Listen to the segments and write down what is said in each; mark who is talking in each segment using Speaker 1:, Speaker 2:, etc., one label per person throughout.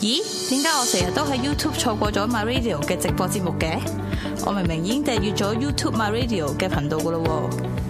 Speaker 1: 咦？點解我成日都喺 YouTube 錯過咗 MyRadio 嘅直播節目嘅？我明明已經訂閱咗 YouTube MyRadio 嘅頻道㗎喇喎。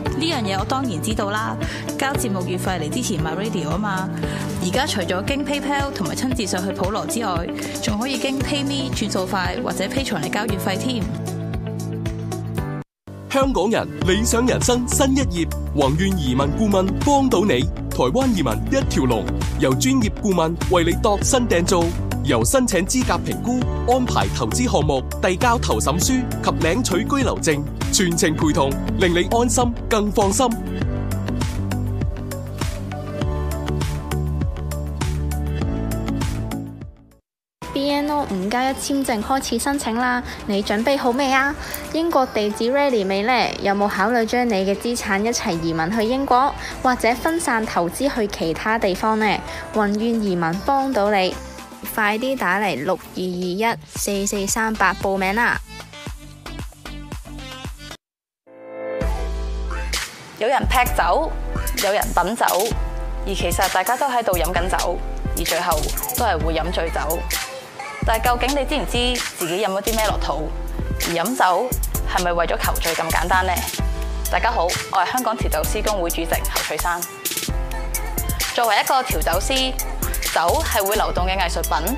Speaker 1: 呢樣嘢我當然知道啦，交節目月費嚟支持 MyRadio 啊嘛。而家除咗經 PayPal 同埋親自上去普羅之外，仲可以經 PayMe 轉數快或者 Patreon 嚟交月費添。
Speaker 2: 香港人理想人生新一頁，宏願移民顧問幫到你，台灣移民一條龍，由專業顧問為你度身訂造。由申請資格評估、安排投資項目、遞交投審書及領取居留證，全程陪同，令你安心更放心。
Speaker 1: BNO 五加一簽證開始申請啦！你準備好未啊？英國地址 ready 未呢？有冇考慮將你嘅資產一齊移民去英國，或者分散投資去其他地方呢？宏願移民幫到你。快啲打嚟六二二一四四三八報名啦！有人劈酒，有人品酒，而其實大家都喺度飲緊酒，而最後都係會飲醉酒。但係究竟你知唔知自己飲咗啲咩落肚而？而飲酒係咪為咗求醉咁簡單呢？大家好，我係香港調酒師公會主席侯翠山。作為一個調酒師。酒係會流動嘅藝術品，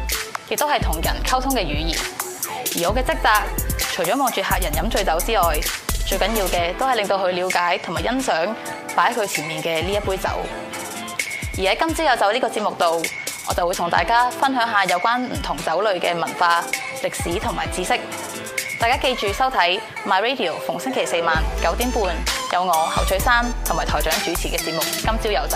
Speaker 1: 亦都係同人溝通嘅語言。而我嘅職責，除咗望住客人飲醉酒之外，最緊要嘅都係令到佢了解同埋欣賞擺喺佢前面嘅呢一杯酒。而喺今朝有酒呢個節目度，我就會同大家分享下有關唔同酒類嘅文化、歷史同埋知識。大家記住收睇 My Radio，逢星期四晚九點半有我侯翠珊同埋台長主持嘅節目《今朝有酒》。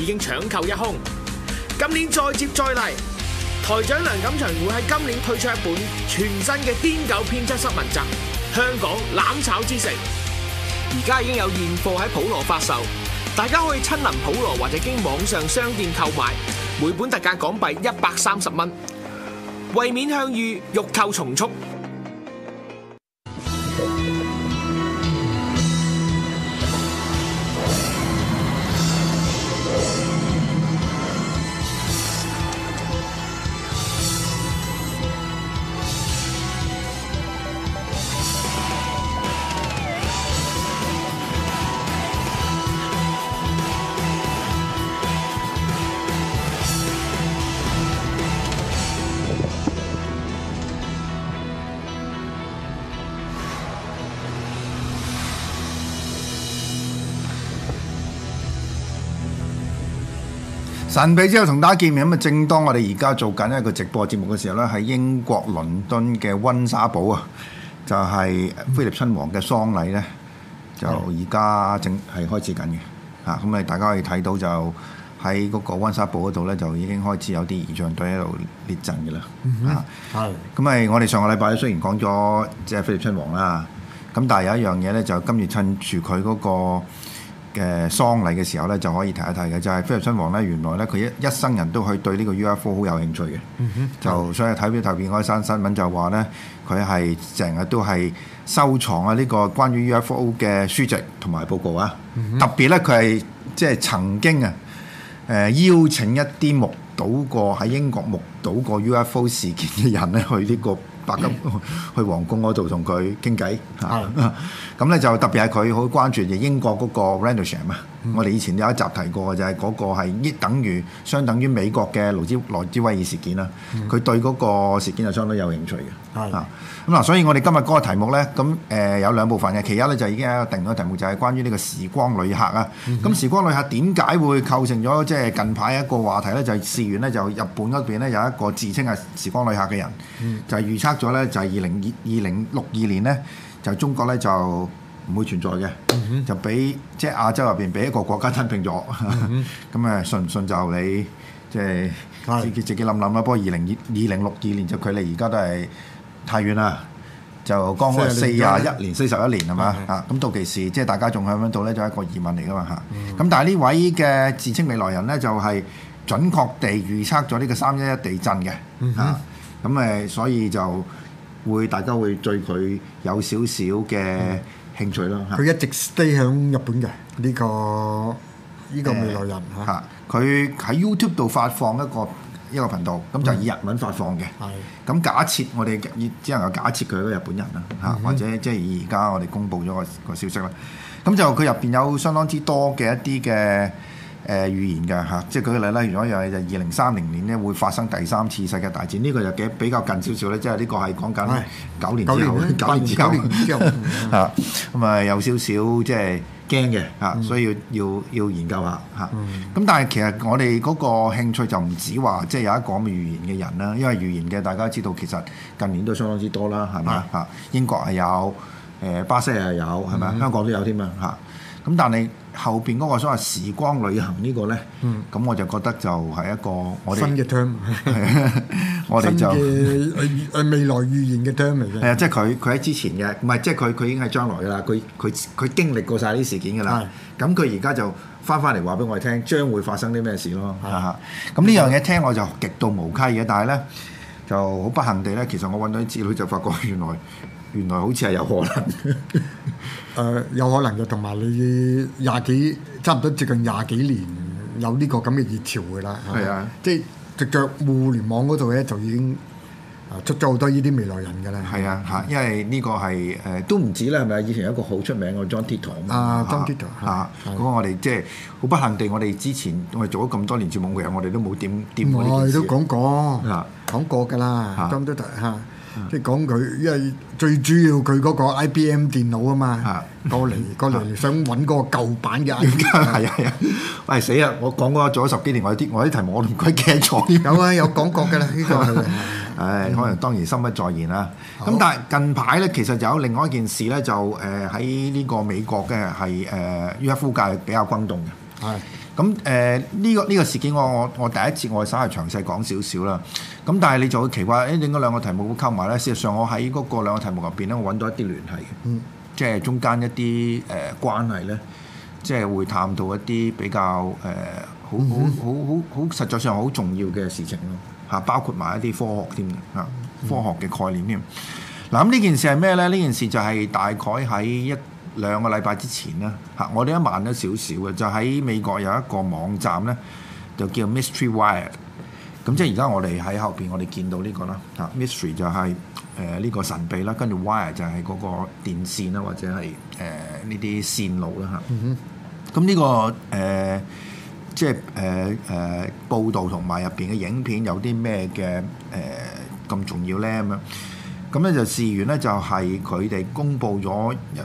Speaker 3: 已經搶購一空，今年再接再厲，台長梁錦祥會喺今年推出一本全新嘅癲狗編輯失文集《香港攬炒之城》，而家已經有現貨喺普羅發售，大家可以親臨普羅或者經網上商店購買，每本特價港幣一百三十蚊，為免向隅，欲購從速。神秘之夜同大家見面，咁啊！正當我哋而家做緊一個直播節目嘅時候咧，喺英國倫敦嘅溫莎堡啊，就係菲臘親王嘅喪禮咧，就而家正係開始緊嘅。嚇，咁啊，大家可以睇到就喺嗰個溫莎堡嗰度咧，就已經開始有啲儀仗隊喺度列陣嘅啦。嚇，係。咁啊，我哋上個禮拜咧雖然講咗即係菲臘親王啦，咁但係有一樣嘢咧，就今住趁住佢嗰個嘅喪禮嘅時候咧，就可以提一提嘅就係、是、菲利親王咧，原來咧佢一一生人都去對呢個 UFO 好有興趣嘅，嗯、哼就所以睇到頭片開山新聞就話咧，佢係成日都係收藏啊呢個關於 UFO 嘅書籍同埋報告啊，特別咧佢係即係曾經啊誒、呃、邀請一啲目睹過喺英國目睹過 UFO 事件嘅人咧去呢、這個。白金去皇宮嗰度同佢傾偈，咁咧的、啊、就特別係佢好關注嘅英國嗰個 Rendlesham 嘛。我哋以前有一集提過就係、是、嗰個係等於相等於美國嘅羅茲羅茲威爾事件啦，佢、嗯、對嗰個事件就相當有興趣嘅。係咁嗱，所以我哋今日嗰個題目呢，咁誒、呃、有兩部分嘅，其一呢，就已經有定咗題目，就係、是、關於呢個時光旅客啊。咁、嗯、哼時光旅客點解會構成咗即係近排一個話題呢？就係事緣呢，就日本嗰邊呢有一個自稱係時光旅客嘅人，嗯、就預測咗呢，就係二零二二零六二年呢，就中國呢，就。唔會存在嘅，mm hmm. 就俾即係亞洲入邊俾一個國家吞並咗。咁誒、mm，信唔信？就你即係自己、mm hmm. 自己諗諗啦。不過二零二二零六二年就距離而家都係太遠啦，就剛好四十一年四十一年係嘛啊？咁到其時即係大家仲喺度咧，就係、是、一個疑問嚟㗎嘛嚇。咁、mm hmm. 但係呢位嘅自稱未來人咧，就係、是、準確地預測咗呢個三一一地震嘅嚇。咁誒、mm hmm. 啊，所以就會大家會對佢有少少嘅。Mm 興趣啦，佢一直
Speaker 2: stay 喺日本嘅呢個呢
Speaker 3: 個未來人嚇，佢喺、呃、YouTube 度發放一個一個頻道，咁、嗯、就以日文發放嘅。咁的假設我哋只能夠假設佢係日本人啦嚇，嗯、哼或者即係而家我哋公布咗個個消息啦。咁就佢入邊有相當之多嘅一啲嘅。誒、呃、預言嘅嚇，即、啊、係舉個例啦，有一樣嘢就二零三零年咧會發生第三次世界大戰，呢、這個就幾比較近少少咧，即係呢個係講緊九年之後，九年，年之後，九咁啊有少少即係驚嘅嚇，就是啊嗯、所以要要要研究下嚇。咁、啊嗯、但係其實我哋嗰個興趣就唔止話即係有一個咁嘅預言嘅人啦，因為預言嘅大家知道其實近年都相當之多啦，係咪？嚇？英國係有，誒、呃、巴西係有，係咪、嗯、香港都有添啊嚇。咁、嗯嗯、但係後邊嗰個所謂時光旅行個呢個咧，咁、嗯、我就覺得就係一個我哋新嘅 term 我哋就
Speaker 2: 誒未來預言嘅 term 嚟嘅。係 啊，即
Speaker 3: 係佢佢喺之前嘅，唔係即係佢佢已經係將來㗎啦。佢佢佢經歷過晒啲事件㗎啦。咁佢而家就翻翻嚟話俾我哋聽，將會發生啲咩事咯。咁呢的樣嘢聽我就極度無稽嘅，但係咧就好不幸地咧，其實我揾到啲資料就發覺原來。原來好似係有可能，
Speaker 2: 誒有可能嘅，同埋你廿幾差唔多，接近廿幾年有呢個咁嘅熱潮㗎啦。係啊，即係直著互聯網嗰度咧，就已經捉咗好多呢啲未來人
Speaker 3: 㗎啦。係啊，嚇，因為呢個係誒都唔止啦，係咪有以前一個好出名嘅 John Titor John Titor 嗰個我哋即係好不幸地，我哋之前我哋做咗咁多年節目嘅人，我哋都冇點掂呢件事，都講過，
Speaker 2: 講過㗎啦，John Titor .即係講佢，因為最主要佢嗰個 IBM 電腦啊嘛，的過嚟過嚟想揾嗰個舊版嘅係啊，係啊，
Speaker 3: 喂死啊！我講過做咗十幾年，我啲我啲題目我都唔鬼 get 咗。有啊，有講過嘅啦，呢個。 唉，可能當然心不在焉啦。咁、嗯、但係近排咧，其實有另外一件事咧，就誒喺呢個美國嘅係誒 UFO 界比較轟動嘅係。咁誒呢個呢、這個事件我，我我我第一次我稍係詳細講少少啦。咁但係你就會奇怪，誒點解嗰兩個題目會溝埋咧？事實上，我喺嗰個兩個題目入邊咧，我揾到一啲聯繫，即係中間一啲誒、呃、關係咧，即係會探到一啲比較誒、呃、好嗯嗯好好好好實在上好重要嘅事情咯。嚇，包括埋一啲科學添嘅嚇，科學嘅概念添。嗱咁呢件事係咩咧？呢件事就係大概喺一兩個禮拜之前咧，嚇我哋一慢咗少少嘅，就喺美國有一個網站咧，就叫 Mystery Wire。咁即係而家我哋喺後邊，我哋見到呢、呢個啦。嚇，Mystery 就係誒呢個神秘啦，跟住 Wire 就係嗰個電線啦，或者係誒呢啲線路啦嚇。咁呢、嗯哼呢個誒、呃、即係誒誒報導同埋入邊嘅影片有啲咩嘅誒咁重要咧咁樣？咁咧就事源咧就係佢哋公布咗一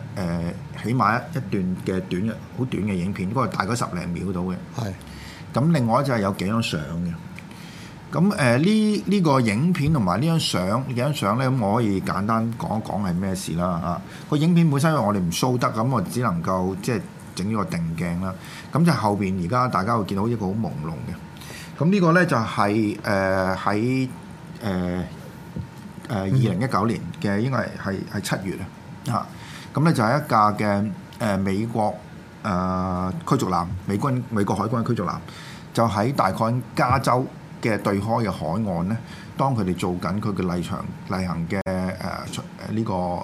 Speaker 3: 誒起碼一一段嘅短嘅好短嘅影片，不過大概十零秒到嘅。係是。咁另外就隻係有幾張相嘅。咁誒呢呢個影片同埋呢張相幾張相咧，咁我可以簡單講一講係咩事啦啊！這個影片本身我哋唔 show 得、嗯，咁我只能夠即係整咗個定鏡啦。咁就後邊而家大家會見到一個好朦朧嘅。咁呢個咧就係誒喺誒。呃誒二零一九年嘅應該係係七月啊！嚇咁咧就係一架嘅誒、呃、美國誒、呃、驅逐艦，美軍美國海軍驅逐艦，就喺大概加州嘅對開嘅海岸咧。當佢哋做緊佢嘅例行例行嘅誒呢個誒誒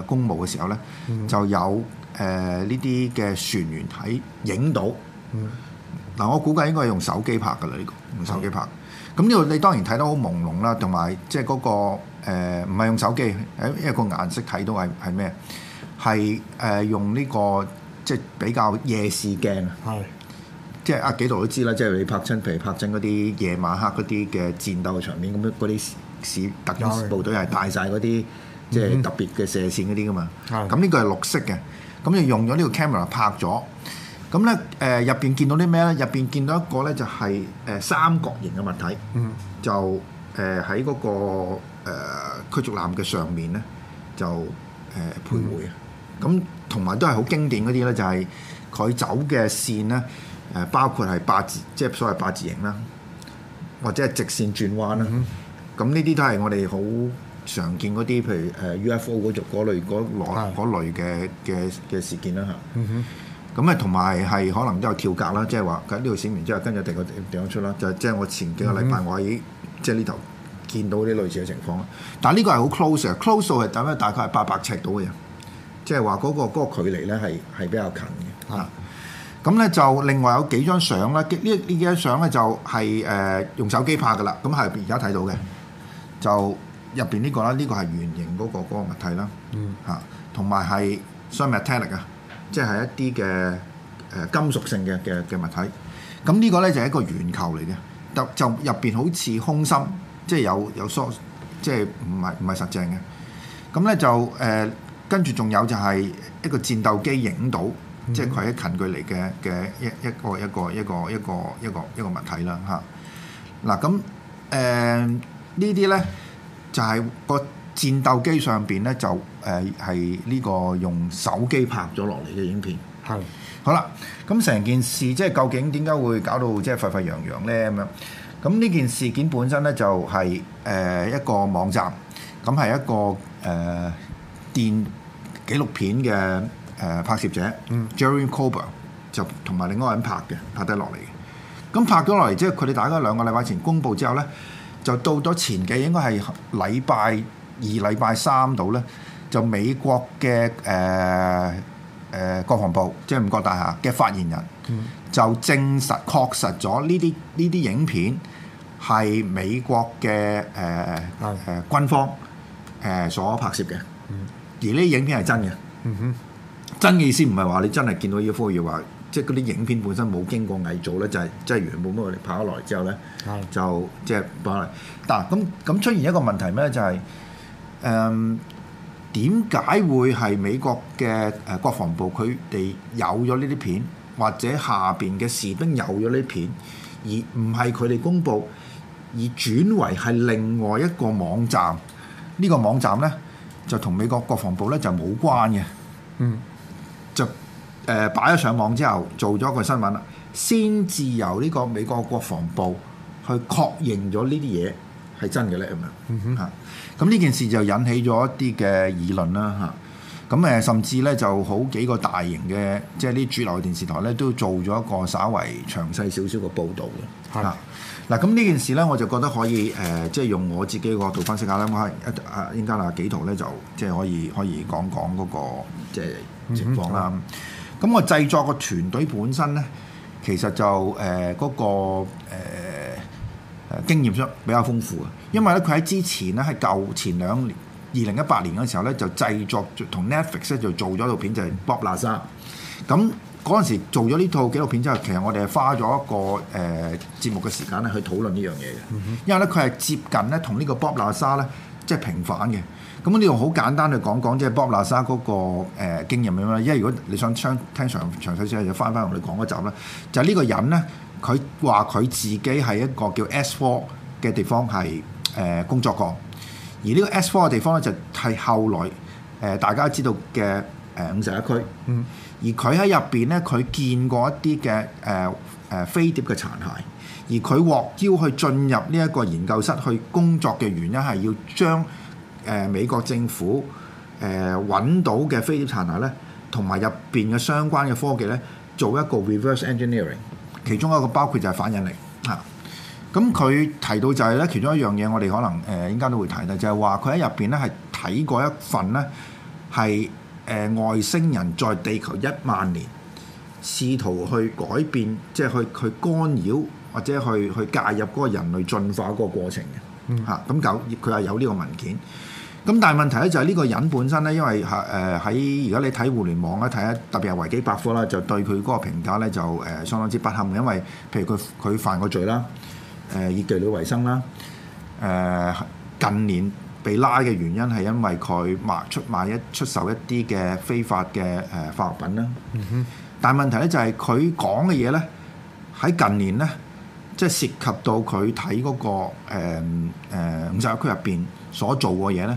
Speaker 3: 誒公務嘅時候咧，嗯、就有誒呢啲嘅船員喺影到。嗱、嗯呃，我估計應該係用手機拍㗎喇，呢、呢個用手機拍。嗯咁呢度你當然睇得好朦朧啦，同埋即係嗰個唔係、呃、用手機，誒一個顏色睇到係係咩？係誒、呃、用呢、這個即係、就是、比較夜視鏡，
Speaker 2: 係
Speaker 3: 是即係阿、啊、幾度都知啦，即係你拍親譬如拍親嗰啲夜晚黑嗰啲嘅戰鬥場面咁樣嗰啲士特種部隊係帶晒嗰啲即係特別嘅射線嗰啲噶嘛，咁呢、嗯、個係綠色嘅，咁、嗯、就、嗯嗯、用咗呢個 camera 拍咗。咁咧，誒入邊見到啲咩咧？入邊見到一個咧，就係誒三角形嘅物體，mm hmm. 就誒喺嗰個誒、呃、驅逐艦嘅上面咧，就誒、呃、徘徊啊。咁同埋都係好經典嗰啲咧，就係佢走嘅線咧，誒包括係八字，即係所謂八字形啦，或者係直線轉彎啦。咁呢啲都係我哋好常見嗰啲，譬如誒 UFO 嗰種嗰類嗰類嗰類嘅嘅嘅事件啦嚇。Mm
Speaker 2: hmm.
Speaker 3: 咁咧，同埋係可能都有跳格啦，即係話佢喺呢度閃完之後，跟住定個定咗出啦。就即係、就是、我前幾個禮拜，我已經、嗯、即係呢度見到啲類似嘅情況啦。但係呢個係好 close 嘅，close 係點，大概係八百尺到嘅嘢，即係話嗰個距離咧係係比較近嘅嚇。咁咧、啊啊、就另外有幾張相啦，呢呢幾張相咧就係、是、誒、呃、用手機拍嘅啦。咁係而家睇到嘅，就入邊呢個啦，呢、這個係圓形嗰個嗰個物體啦嚇，同埋係 so metallic 即係一啲嘅誒金屬性嘅嘅嘅物體，咁呢個咧就係一個圓球嚟嘅，就就入邊好似空心，即係有有疏，即係唔係唔係實淨嘅。咁咧就誒跟住仲有就係一個戰鬥機影到，即係佢喺近距離嘅嘅一一個一個一個一個一個一個物體啦嚇。嗱咁誒呢啲咧就係個。戰鬥機上邊咧就誒係呢個用手機拍咗落嚟嘅影片係是好啦。咁成件事即係究竟點解會搞到即係沸沸揚揚咧？咁樣咁呢件事件本身咧就係、是、誒、呃、一個網站咁係、嗯、一個誒、呃、電紀錄片嘅誒、呃、拍攝者 Jerry Coben 就同埋另外一個人拍嘅拍得落嚟嘅。咁拍咗落嚟即係，佢哋大概兩個禮拜前公佈之後咧，就到咗前幾應該係禮拜。而禮拜三度咧，就美國嘅誒誒國防部，即係五角大廈嘅發言人，嗯、就證實確實咗呢啲呢啲影片係美國嘅誒誒軍方誒、呃、所拍攝嘅，而呢啲影片係真嘅。嗯、哼，真嘅意思唔係話你真係見到 UFO 嘅話，即係嗰啲影片本身冇經過偽造咧，就係、是、即係原本咁樣嚟拍咗落來之後咧、嗯，就即、是、係，但咁咁出現一個問題咧、就是，就係。誒點解會係美國嘅誒國防部佢哋有咗呢啲片，或者下邊嘅士兵有咗呢啲片，而唔係佢哋公佈，而轉為係另外一個網站，呢個網站呢，就同美國國防部呢就冇關嘅，嗯，就誒擺咗上網之後做咗個新聞啦，先至由呢個美國國防部去確認咗呢啲嘢。係真嘅咧咁樣嚇，咁呢、mm hmm. 件事就引起咗一啲嘅議論啦嚇，咁誒甚至咧就好幾個大型嘅，即係啲主流電視台咧都做咗一個稍為詳細少少嘅報導嘅。係嗱、mm，咁、hmm. 呢件事咧我就覺得可以誒、呃，即係用我自己個度分析下啦。我啊啊，應嘉啊幾圖咧就即係可以可以講講嗰、那個即係情況啦。咁、mm hmm. 我製作個團隊本身咧，其實就誒嗰、呃那個、呃誒經驗上比較豐富嘅，因為咧佢喺之前咧喺舊前兩年二零一八年嘅時候咧就製作同 Netflix 咧就做咗套片就是、Bob 拿沙、嗯，咁嗰陣時做咗呢套紀錄片之後，其實我哋係花咗一個誒、呃、節目嘅時間咧去討論呢樣嘢嘅，嗯、哼因為咧佢係接近咧同呢個 Bob 拿沙咧即係平反嘅，咁呢度好簡單去講講即係、就是、Bob 拿沙嗰個誒、呃、經驗啊嘛，因為如果你想長聽長詳細啲，就翻翻我哋講嗰集啦，就係、是、呢個人咧。佢話佢自己係一個叫 S4 嘅地方係誒工作過，而呢個 S4 嘅地方咧就係後來誒、呃、大家知道嘅誒、呃、五十一區。嗯，而佢喺入邊咧，佢見過一啲嘅誒誒飛碟嘅殘骸，而佢獲邀去進入呢一個研究室去工作嘅原因係要將誒、呃、美國政府誒揾、呃、到嘅飛碟殘骸咧，同埋入邊嘅相關嘅科技咧，做一個 reverse engineering。其中一個包括就係反引力嚇，咁、啊、佢、嗯、提到就係咧，其中一樣嘢我哋可能誒應該都會提到，就係話佢喺入邊咧係睇過一份咧係誒外星人在地球一萬年試圖去改變，即係去去干擾或者去去介入嗰個人類進化嗰個過程嘅，嚇咁九葉佢係有呢個文件。咁但係問題咧就係呢個人本身咧，因為係誒喺而家你睇互聯網咧，睇啊特別係維基百科啦，就對佢嗰個評價咧就誒、呃、相當之不堪嘅，因為譬如佢佢犯過罪啦，誒、呃、以妓女為生啦，誒、呃、近年被拉嘅原因係因為佢賣出賣一出售一啲嘅非法嘅誒化學品啦。哼、mm。Hmm. 但係問題咧就係佢講嘅嘢咧，喺近年咧，即係涉及到佢睇嗰個誒、呃呃、五十一區入邊所做嘅嘢咧。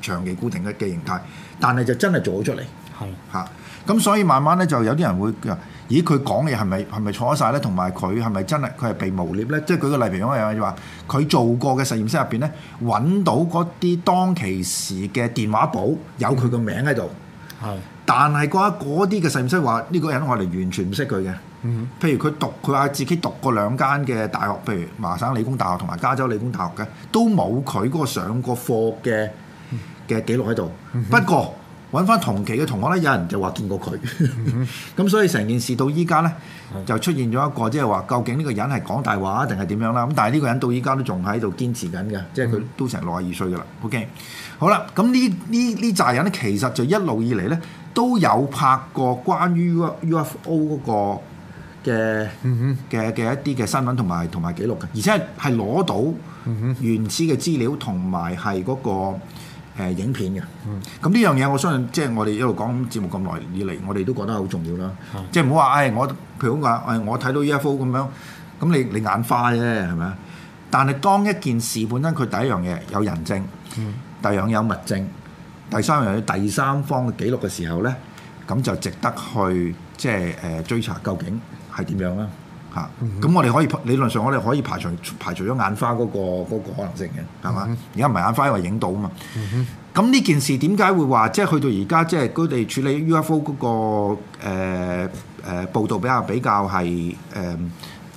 Speaker 3: 長期固定嘅嘅形態，但係就真係做咗出嚟，係嚇，咁所以慢慢咧就有啲人會，咦佢講嘅係咪係咪錯曬咧？同埋佢係咪真係佢係被污蔑咧？即係舉個例譬如講一樣嘢就話，佢做過嘅實驗室入邊咧，揾到嗰啲當其時嘅電話簿有佢個名喺度，係，但係話嗰啲嘅實驗室話呢個人我哋完全唔識佢嘅，嗯，譬如佢讀佢話自己讀過兩間嘅大學，譬如麻省理工大學同埋加州理工大學嘅，都冇佢嗰個上過課嘅。嘅記錄喺度，mm hmm. 不過揾翻同期嘅同學咧，有人就話見過佢，咁、mm hmm. 所以成件事到依家咧就出現咗一個，即係話究竟呢個人係講大話定係點樣啦？咁但係呢個人到依家都仲喺度堅持緊嘅，即係佢、mm hmm. 都成六十二歲噶啦。OK，好啦，咁呢呢呢扎人咧，其實就一路以嚟咧都有拍過關於 UFO 嗰個嘅嘅嘅一啲嘅新聞同埋同埋記錄嘅，而且係攞到原始嘅資料同埋係嗰個。誒影片嘅，咁呢、嗯、樣嘢我相信，即係我哋一路講節目咁耐以嚟，我哋都覺得好重要啦。嗯、即係唔好話，誒、哎、我譬如講話，誒我睇到 UFO 咁樣，咁你你眼花啫，係咪啊？但係當一件事本身佢第一樣嘢有人證，第二樣有物證，第三樣嘢第三方嘅記錄嘅時候咧，咁就值得去即係誒、呃、追查究竟係點樣啦。嚇！咁、嗯、我哋可以理論上，我哋可以排除排除咗眼花嗰、嗰個嗰個可能性嘅，係嘛？而家唔係眼花，因為影到啊嘛。咁呢、嗯、哼件事點解會話即係去到而家，即係佢哋處理 UFO 嗰、嗰個誒誒報導比較比較係誒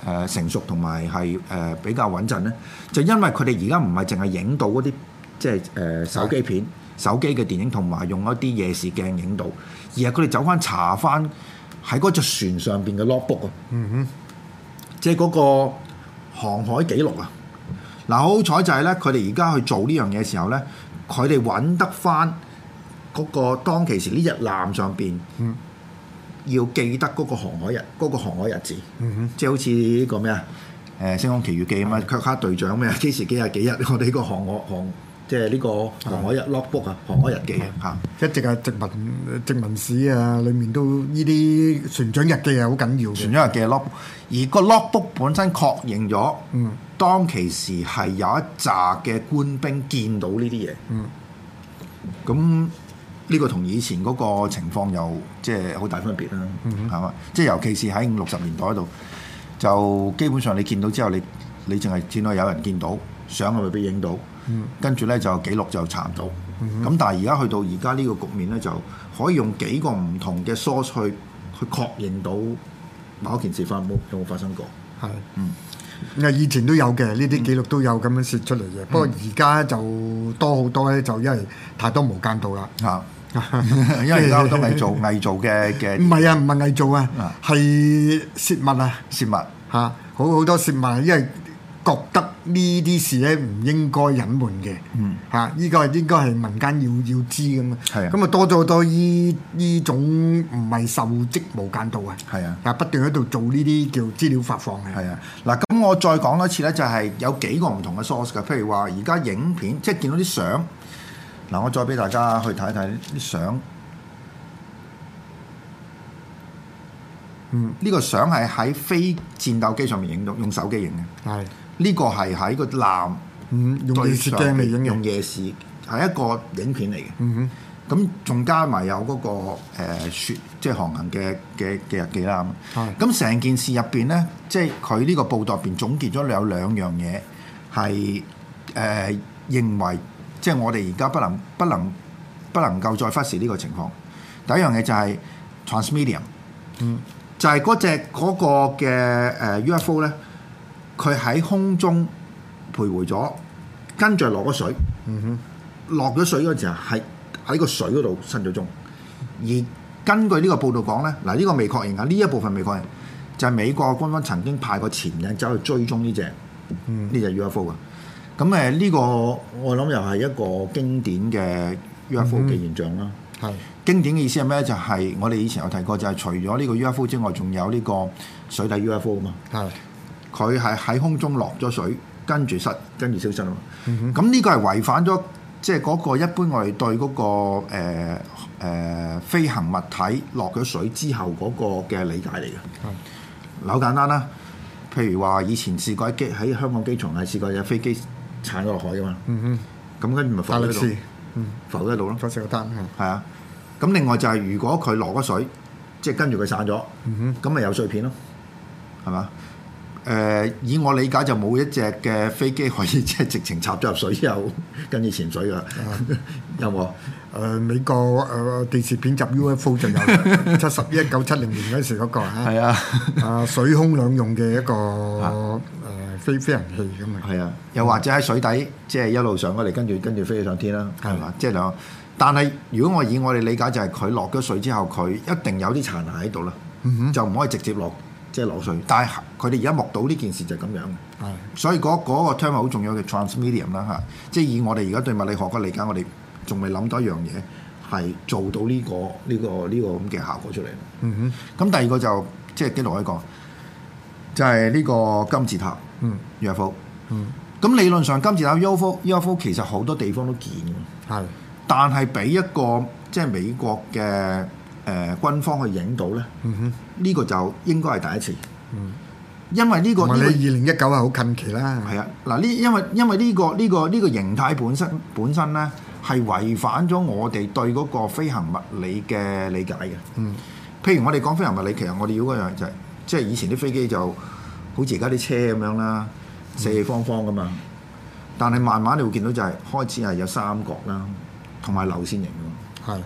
Speaker 3: 誒成熟同埋係誒比較穩陣咧？就因為佢哋而家唔係淨係影到嗰啲即係誒、呃、手機片、的手機嘅電影，同埋用一啲夜視鏡影到，而係佢哋走翻查翻喺嗰隻船上邊嘅 notebook 啊！嗯
Speaker 2: 哼。
Speaker 3: 即係嗰個航海記錄啊！嗱、啊，好彩就係咧，佢哋而家去做呢樣嘢時候咧，佢哋揾得翻嗰個當其時呢日艦上邊、嗯、要記得嗰個航海日嗰、嗰個航海日子，嗯、哼 即係好似個咩啊？誒《星空奇遇記》啊嘛，《鵲卡隊長》咩？幾時幾日幾日？我哋呢個航海航。即係呢個航海日 notebook 啊的，航海日記
Speaker 2: 啊，嚇，一直啊殖民殖民史啊，裏
Speaker 3: 面都呢啲船長日記，係好緊要船長日記 notebook，而個 notebook 本身確認咗，嗯，當其時係有一扎嘅官兵見到呢啲嘢，嗯，咁呢個同以前嗰個情況又即係好大分別啦、啊，嚇嘛、嗯哼，即係尤其是喺五六十年代度，就基本上你見到之後，你你淨係只可以有人見到，相係咪俾影到？嗯、跟住咧就記錄就查唔到，咁、嗯、但係而家去到而家呢個局面咧，就可以用幾個唔同嘅 source 去去確認到某一件事發冇有冇發生過。
Speaker 2: 係是，嗯，啊以前都有嘅，呢啲記錄都有咁樣説出嚟嘅。嗯、不過而家就多好多咧，就因為太多無間道啦。嗯、 啊，
Speaker 3: 因為有好多偽造偽造嘅嘅。唔係啊，唔係偽造啊，
Speaker 2: 係泄密啊，泄密嚇，好好多泄密，因為。覺得呢啲事咧唔應該隱瞞嘅，呢依個應該係民間要要知咁啊。咁啊的多咗多依依種
Speaker 3: 唔係受職無間道啊。係的啊，不斷喺度做呢啲叫資料發放嘅。係啊。嗱，咁我再講多次咧，就係有幾個唔同嘅 source 噶。譬如話而家影片，即係見到啲相。嗱、啊，我再俾大家去睇一睇啲相。嗯，呢個相係喺非戰鬥機上面影到，用手機影嘅。係。呢個係喺個南用對上用，影用夜視，係一個影片嚟嘅。咁仲、嗯、哼加埋有嗰、那個、呃、雪，即係航行嘅嘅嘅日記啦。咁成、嗯、件事入邊咧，即係佢呢個報道入邊總結咗有兩樣嘢係誒認為，即係我哋而家不能不能不能夠再忽視呢個情況。第一樣嘢就係 transmedium，嗯，就係嗰隻嗰個嘅誒 UFO 咧。那個佢喺空中徘徊咗，跟住落咗水，落咗、嗯、哼水嗰陣時係喺個水嗰度失咗蹤。而根據呢個報道講咧，嗱、這、呢個未確認啊，呢一部分未確認，就係、是、美國軍方曾經派過潛人走去追蹤呢隻，呢、嗯、隻 UFO 嘅。咁誒呢個我諗又係一個經典嘅 UFO 嘅現象啦。係、嗯、經典嘅意思係咩就係、是、我哋以前有提過，就係除咗呢個 UFO 之外，仲有呢個水底 UFO 啊嘛。係。佢係喺空中落咗水，跟住失，跟住消失嘛。咁呢、嗯、哼個係違反咗，即係嗰個一般我哋對嗰、那個誒誒、呃呃、飛行物體落咗水之後嗰個嘅理解嚟嘅。好是，好簡單啦、啊。譬如話以前試過喺機喺香港機場係試過有飛機鏟落海噶嘛。嗯，咁跟住咪浮喺度咯。大律師。浮喺度咯。翻曬個單。嗯哼。係、嗯、哼啊。咁另外就係如果佢落咗水，即、就、係、是、跟住佢散咗。嗯哼。咁咪有碎片咯。係嘛？誒，以我理解就冇一隻嘅飛機可以即係直情插咗入水又跟住潛水㗎，有冇？誒美國誒電視片集 UFO 就有七十一
Speaker 2: 九七零年嗰時嗰個，係啊，啊水空兩用嘅一個誒
Speaker 3: 飛飛行器咁啊，係啊，又或者喺水底即係一路上嗰嚟跟住跟住飛上天啦，係嘛？即係兩，但係如果我以我哋理解就係佢落咗水之後，佢一定有啲殘骸喺度啦，就唔可以直接落。即係落水，但係佢哋而家目睹呢件事就係咁樣。
Speaker 2: 係，
Speaker 3: 所以嗰個 term 好重要嘅 transmedium 啦嚇。即係以我哋而家對物理學嘅理解，我哋仲未諗到一樣嘢係做到呢個呢個呢個咁嘅效果出嚟。嗯哼。咁第二個就即係跟落一個，就係呢個金字塔。嗯。UFO。嗯。咁理論上金字塔、UFO、UFO 其實好多地方都見。係。但係比一個即係美國嘅。誒、呃、軍方去影到咧，呢、嗯、哼個就應該係第一次。嗯、因為呢、呢個呢二零一九係好近期啦。係啊、嗯，嗱呢因為、呢個嗯、因為呢、呢個呢、呢個呢、呢個形態本身本身咧係違反咗我哋對嗰個飛行物理嘅理解嘅。嗯，譬如我哋講飛行物理，其實我哋要果樣就係、是、即係以前啲飛機就好似而家啲車咁樣啦，四四、嗯、方方噶嘛。但係慢慢你會見到就係、是、開始係有三角啦，同埋流線型咯。係。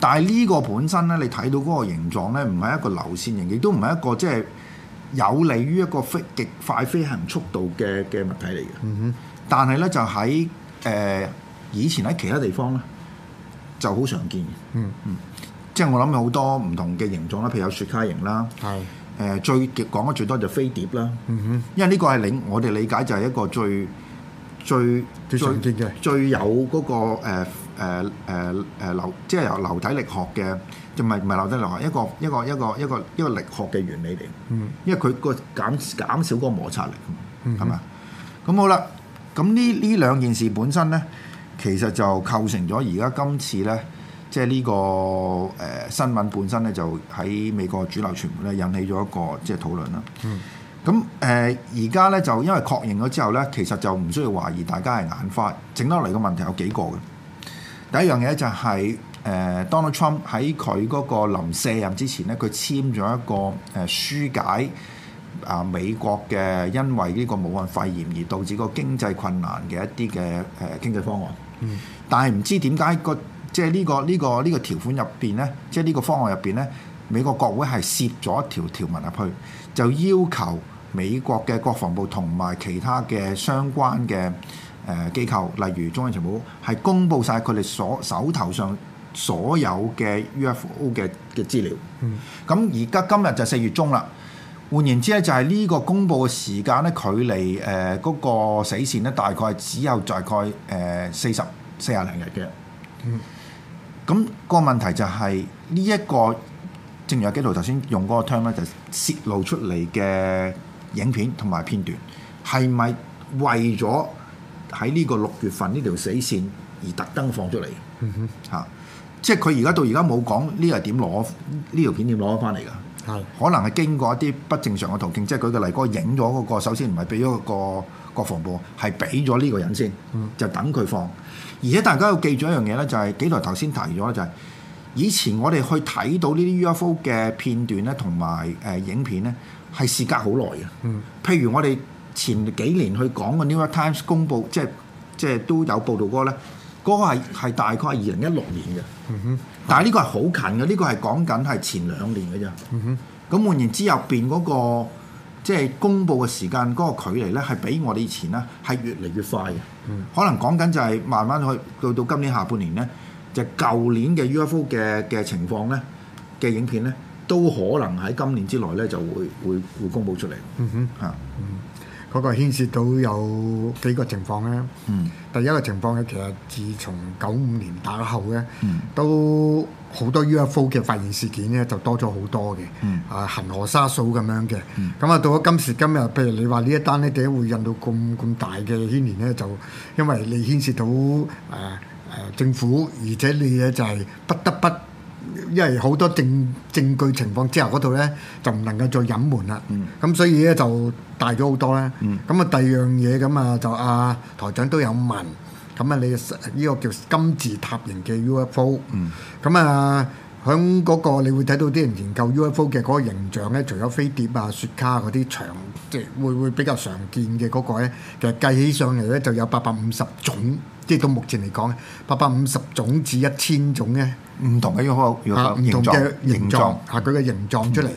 Speaker 3: 但係呢個本身咧，你睇到嗰個形狀咧，唔係一個流線型，亦都唔係一個即係有利於一個飛極快飛行速度嘅嘅物體嚟嘅。嗯、哼。但係咧，就喺誒、呃、以前喺其他地方咧，就好常見。嗯嗯。即係我諗有好多唔同嘅形狀啦，譬如有雪茄形啦。係是。誒、呃、最極講得最多就飛碟啦。嗯、哼。因為呢個係理我哋理解就係一個最最最最有嗰、那個、呃誒誒誒流，即係由流體力學嘅，就唔係唔係流體力學，一個一個一個一個一個力學嘅原理嚟。嗯、mm。Hmm. 因為佢個減減少嗰個摩擦力啊嘛。係嘛。咁、mm hmm. 好啦。咁呢呢兩件事本身咧，其實就構成咗而家今次咧，即係呢、這個誒、呃、新聞本身咧，就喺美國主流傳媒咧引起咗一個即係討論啦。
Speaker 2: 嗯、
Speaker 3: mm。咁誒而家咧就因為確認咗之後咧，其實就唔需要懷疑大家係眼花，整得嚟嘅問題有幾個嘅。第一樣嘢就係誒 Donald Trump 喺佢嗰個臨卸任之前咧，佢簽咗一個誒舒、呃、解啊美國嘅因為呢個武漢肺炎而導致個經濟困難嘅一啲嘅誒經濟方案。嗯、但係唔知點解個即係、呢、呢個呢、呢個呢、呢個條款入邊咧，即係呢個方案入邊咧，美國國會係攝咗一條條文入去，就要求美國嘅國防部同埋其他嘅相關嘅。誒、呃、機構，例如中央情報，係公布晒佢哋所手頭上所有嘅 UFO 嘅嘅資料。咁而家今日就四月中啦。換言之咧，就係呢個公布嘅時間咧，距離誒嗰、呃那個死線咧，大概只有大概誒四十四廿零日嘅。咁、呃嗯、個問題就係呢一個正如紀陶頭先用嗰個 term 咧，就是、泄露出嚟嘅影片同埋片段，係咪為咗？喺呢個六月份呢條死線而特登放出嚟嚇、嗯哼啊，即係佢而家到而家冇講呢個點攞呢條片點攞翻嚟㗎，是可能係經過一啲不正常嘅途徑。即係舉個例，個影咗嗰個，首先唔係俾咗個國防部，係俾咗呢個人先，嗯、就等佢放。而且大家要記住一樣嘢咧，就係紀陶頭先提咗，就係以前我哋去睇到呢啲 UFO 嘅片段咧，同埋誒影片咧，係時隔好耐嘅。譬如我哋、嗯。前幾年去講嘅 New York Times 公佈，即係即係都有報導過咧，嗰、那個係大概二零一六年嘅。哼、mm。Hmm. 但係呢個係好近嘅，呢、呢個係講緊係前兩年嘅啫。哼、mm。咁、hmm. 換言之面、嗰個，入邊嗰個即係公佈嘅時間嗰個距離咧，係比我哋以前咧係越嚟越快嘅。Mm hmm. 可能講緊就係慢慢去到到今年下半年咧，就舊、係、年嘅 UFO 嘅嘅情況咧嘅影片咧，都可能喺今年之內咧就會會會公佈出嚟。嗯哼。嚇。嗯。
Speaker 2: 嗰個牽涉到有幾個情況咧？嗯、第一個情況咧，其實自從九五年打後咧，嗯、都好多 UFO 嘅發現事件咧，就多咗好多嘅。嗯、啊，恆河沙數咁樣嘅。咁啊、嗯，到咗今時今日，譬如你話呢一單咧，點解會引到咁咁大嘅牽連咧？就因為你牽涉到誒誒、呃、政府，而且你咧就係不得不。因為好多證證據情況之下嗰度咧就唔能夠再隱瞞啦，咁、嗯、所以咧就大咗好多啦。咁啊、嗯、第二樣嘢咁啊就阿台長都有問，咁啊你呢個叫金字塔型嘅 UFO，咁啊喺嗰個你會睇到啲人研究 UFO 嘅嗰個形象咧，除咗飛碟啊、雪茄嗰啲長即會會比較常見嘅嗰、嗰個咧，其實計起上嚟咧就有八百五十種，即到目前嚟講，八百五十種至一千種咧。唔同嘅 UFO 唔同嘅形狀，嚇佢嘅形狀出嚟，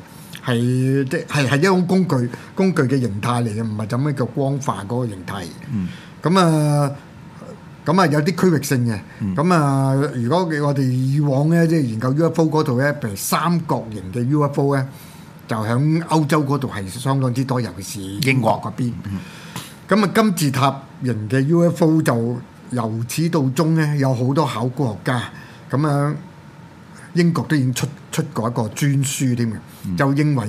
Speaker 2: 係即係係一種工具工具嘅形態嚟嘅，唔係就咁叫光化嗰個形態。咁、嗯、啊，咁啊有啲區域性嘅。咁、嗯、啊，如果我哋以往咧即係研究 UFO 嗰度咧，譬如三角形嘅 UFO 咧，就喺歐洲嗰度係相當之多，尤其是英國嗰邊。咁啊，金字塔形嘅 UFO 就由始到終咧，有好多考古學家咁樣。英國都已經出出過一個專書添嘅，就認為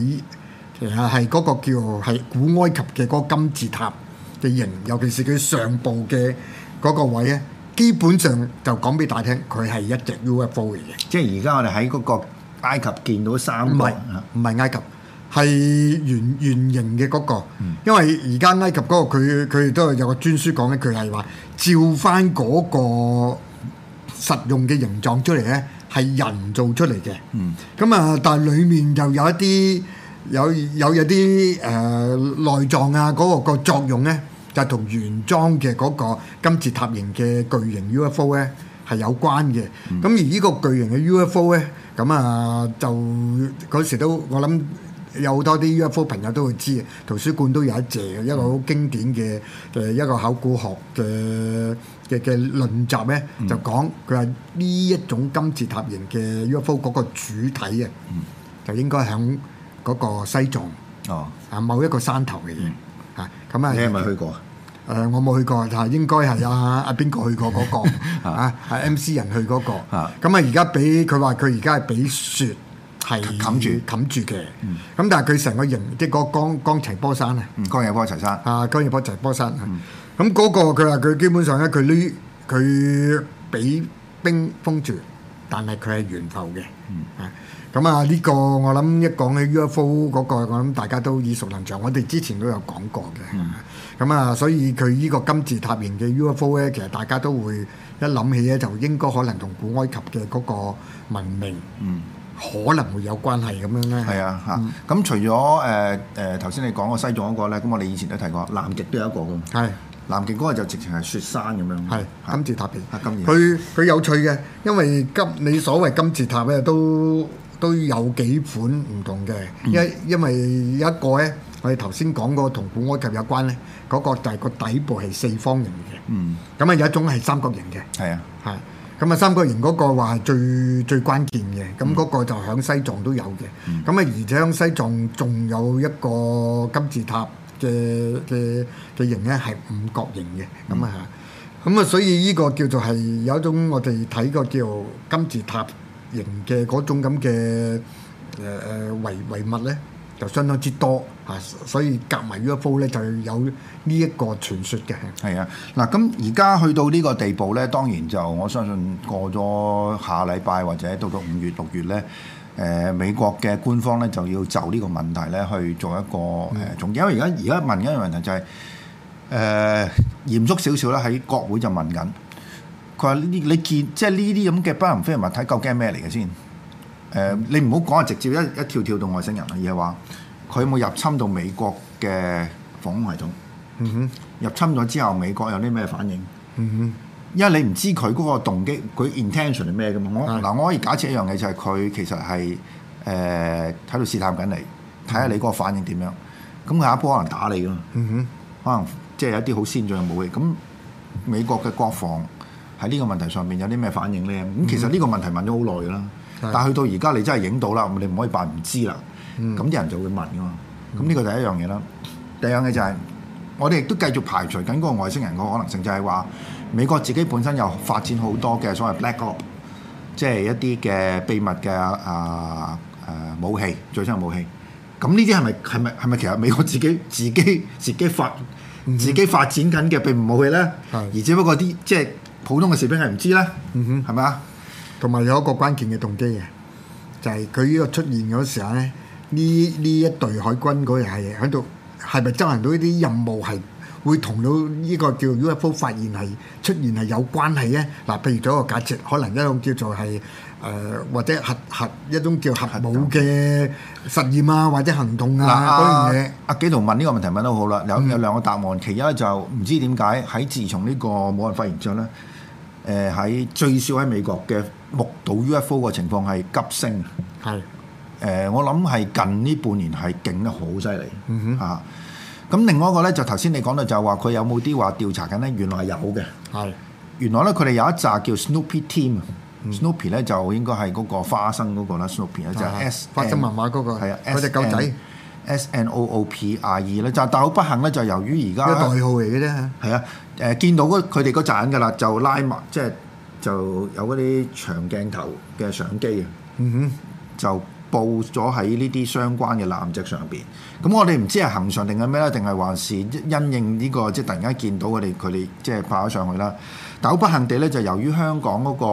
Speaker 2: 其實係嗰個叫係古埃及嘅嗰個金字塔嘅形，尤其是佢上部嘅嗰個位咧，基本上就講俾大家聽，佢係一隻 UFO 嚟嘅。即係而家我哋喺嗰個埃及見到三，唔係唔係，埃及，係圓圓形嘅嗰個，因為而家埃及嗰個佢佢都係有個專書講咧，佢係話照翻嗰個實用嘅形狀出嚟咧。係人造出嚟嘅，咁啊，但係裡面就有一啲有有有啲誒內臟啊，嗰個個作用呢，就係同原裝嘅嗰個金字塔形嘅巨型 UFO 呢係有關嘅。咁而呢個巨型嘅 UFO 呢，咁啊就嗰時都我諗。有好多啲 UFO 朋友都會知啊，圖書館都有一隻，一個好經典嘅誒一個考古學嘅嘅嘅論集咧，就講佢話呢一種金字塔形嘅 UFO 嗰個主體啊，就應該喺嗰個西藏哦啊某一個山頭嘅嘢嚇，咁啊、嗯、樣你係咪去過？誒、呃，我冇去過，但係應該係啊啊邊個去過嗰、那
Speaker 3: 個
Speaker 2: 啊？係 M C 人去嗰、那個咁啊而家俾佢話佢而家係俾雪。係冚住冚住嘅，咁但係佢成個形即係嗰個岡岡仁波齊山啊，岡仁波齊山啊，岡仁波齊波山。咁嗰個佢話佢基本上咧，佢呢佢俾冰封住，但係佢係懸浮嘅。咁啊呢個我諗一講起 UFO 嗰個，我諗大家都耳熟能詳，我哋之前都有講過嘅。咁啊、嗯嗯，所以佢呢個金字塔形嘅 UFO 咧，其實大家都會一諗起
Speaker 3: 咧，就應該可能同古埃及嘅嗰個文明。嗯可能會有關係咁樣呢？係啊，嚇！咁除咗誒誒頭先你講個西藏嗰個咧，咁我哋以前都提過，南極都有一個嘅。係。係啊，南極嗰個就直情係雪山咁樣。係、啊。金字塔邊？金。佢
Speaker 2: 佢有趣嘅，因為金你所謂金字塔咧都都有幾款唔同嘅，因因為有一個呢，我哋頭先講嗰個同古埃及有關呢，嗰、嗰個就係、係、個底部係四方形
Speaker 3: 嘅。嗯，嗯。
Speaker 2: 咁啊，有一種係三角形嘅。
Speaker 3: 係啊。係。
Speaker 2: 咁啊，三角形嗰個話係最最關鍵嘅，咁嗰個就響西藏都有嘅。咁啊、嗯，而且響西藏仲有一個金字塔嘅嘅嘅形咧，係五角形嘅。咁啊咁啊，嗯、所以呢個叫做係有一種我哋睇過叫金字塔形嘅嗰種咁嘅誒誒遺遺物咧。就相當之多嚇、啊，所以夾埋呢一鋪咧，就有
Speaker 3: 呢一個傳說嘅。係啊，嗱咁而家去到呢個地步咧，當然就我相信過咗下禮拜或者到到五月六月咧，誒、呃、美國嘅官方咧就要就呢個問題咧去做一個誒總結。呃、的因為而家而家問一個問題就係、是、誒、呃、嚴肅少少啦，喺國會就問緊。佢話呢啲你見即係呢啲咁嘅不明飛行物體，究竟係咩嚟嘅先？誒、呃，你唔好講啊！直接一一跳跳到外星人啊，而係話佢有冇入侵到美國嘅防空系統？哼、mm，hmm. 入侵咗之後，美國有啲咩反應？哼、mm，hmm. 因為你唔知佢嗰個動機，佢 intention 係咩嘅嘛？我嗱，的我可以假設一樣嘢就係、是、佢其實係誒喺度試探緊你，睇下你嗰個反應點樣。咁佢下一波可能打你咯，嘛、mm，哼、hmm.，可能即係有啲好先進嘅武器。咁美國嘅國防喺呢個問題上面有啲咩反應咧？咁其實呢個問題問咗好耐㗎啦。但係去到而家你真係影到啦，你唔可以扮唔知啦。咁啲、嗯、人就會問噶嘛。咁呢個第一樣嘢啦。第二樣嘅就係、是、我哋亦都繼續排除緊個外星人個可能性就，就係話美國自己本身又發展好多嘅所謂 black ops，即係一啲嘅秘密嘅啊誒武器，最新嘅武器。咁呢啲係咪係咪係咪其實美國自己自己自己發自己發展緊嘅秘密武器咧？嗯、而只不過啲即係普通嘅士兵係唔知咧。哼、嗯，係咪啊？同埋有一個關鍵嘅動機嘅，就係佢依個出現嗰
Speaker 2: 時候咧，呢呢一隊海軍嗰係喺度，係咪執行到啲任務係會同到依個叫 UFO 發現係出現係有關係咧？嗱，譬如咗個假設，可能一種叫做係誒或者核核一種叫核武嘅實驗啊，或者行動啊嗰樣嘢。
Speaker 3: 阿紀同問呢個問題問得好啦，有有兩個答案，其一咧就唔知點解喺自從呢個武漢發現咗咧。誒喺最少喺美國嘅目睹 UFO 嘅情況係急升，
Speaker 2: 係
Speaker 3: 誒的、呃、我諗係近呢半年係勁得好犀利，嗯、哼啊，咁另外一個咧就頭先你講到就係話佢有冇啲話調查緊咧，原來有嘅，
Speaker 2: 係
Speaker 3: 的原來咧佢哋有一隻叫 Snoopy Team，Snoopy、嗯、咧就應該係嗰個花生嗰個啦，Snoopy 啊就 S 花生娃娃嗰個，啊的，佢隻狗仔。S, S N O O P R E 咧，就大好不幸咧，就由於而家嘅代號嚟嘅啫，係啊，誒、呃、見到佢哋嗰盞㗎啦，就拉埋即係就有嗰啲長鏡頭嘅相機啊，嗯、哼，就報咗喺呢啲相關嘅艦隻上邊。咁、嗯、哼我哋唔知係恆常定係咩啦，定係還是，是因應呢、這個即係突然間見到佢哋，佢哋即係爆咗上去啦。大好不幸地咧，就由於香港嗰、那個、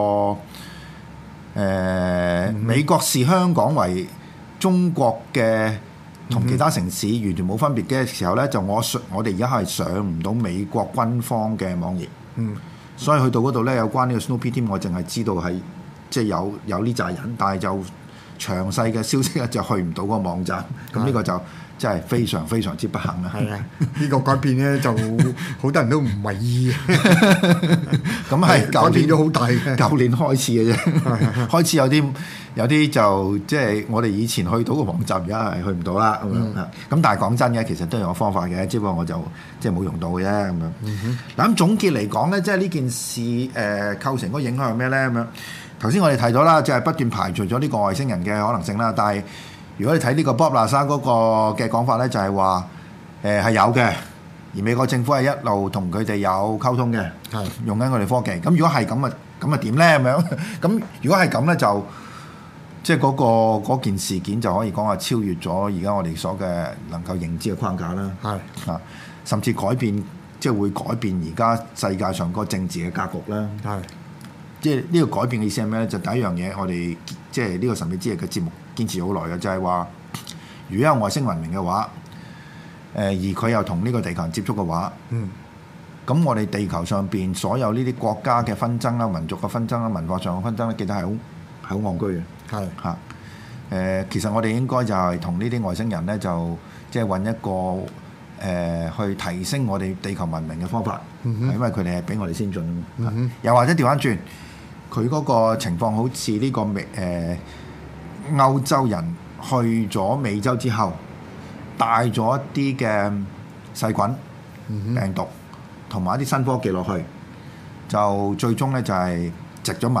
Speaker 3: 呃嗯、美國視香港為中國嘅。同其他城市完全冇分別嘅時候呢，就我我哋而家係上唔到美國軍方嘅網頁。嗯，所以去到嗰度呢，有關呢個 Snowpiercer 我淨係知道係即係有有呢扎人，但係就詳細嘅消息咧，就去唔到個網站。咁呢個就真係非常非常之不幸呀。係啊，呢、啊、 個改變呢，就好多人都唔為意。咁係改變咗好大，舊年開始嘅啫，開始有啲。 有啲就即係我哋以前去到嘅網站，而家係去唔到啦，咁樣咁，但係講真嘅，其實都有方法嘅，只不過我就即係冇用到嘅啫咁樣。嗱咁、mm hmm. 總結嚟講咧，即係呢件事誒、呃、構成嗰個影響係咩咧？咁樣頭先我哋提咗啦，就係、是、不斷排除咗呢個外星人嘅可能性啦。但係如果你睇呢個 Bob Lazar 嗰個嘅講法咧，就係話誒係有嘅，而美國政府係一路同佢哋有溝通嘅，mm hmm. 用緊我哋科技。咁如果係咁啊，咁啊點咧？咁樣咁如果係咁咧就。即係嗰、那個件事件就可以講話超越咗而家我哋所嘅能夠認知嘅框架啦。係啊是，甚至改變，即係會改變而家世界上個政治嘅格局啦。
Speaker 2: 係
Speaker 3: 是，即係呢個改變嘅意思係咩咧？就第一樣嘢，我哋即係呢個神秘之夜嘅節目堅持好耐嘅，就係、是、話，如果有外星文明嘅話，誒、呃、而佢又同呢個地球人接觸嘅話，嗯，咁我哋地球上邊所有呢啲國家嘅紛爭啦、民族嘅紛爭啦、文化上嘅紛爭咧，記得係好，好戇居嘅，係嚇。誒，其實我哋應該就係同呢啲外星人咧，就即係揾一個誒，去提升我哋地球文明嘅方法。嗯哼，因為佢哋係比我哋先進。嗯哼，又或者調翻轉，佢嗰個情況好似呢個美誒歐洲人去咗美洲之後，帶咗一啲嘅細菌、病毒同埋一啲新科技落去，就最終咧就係殖咗民。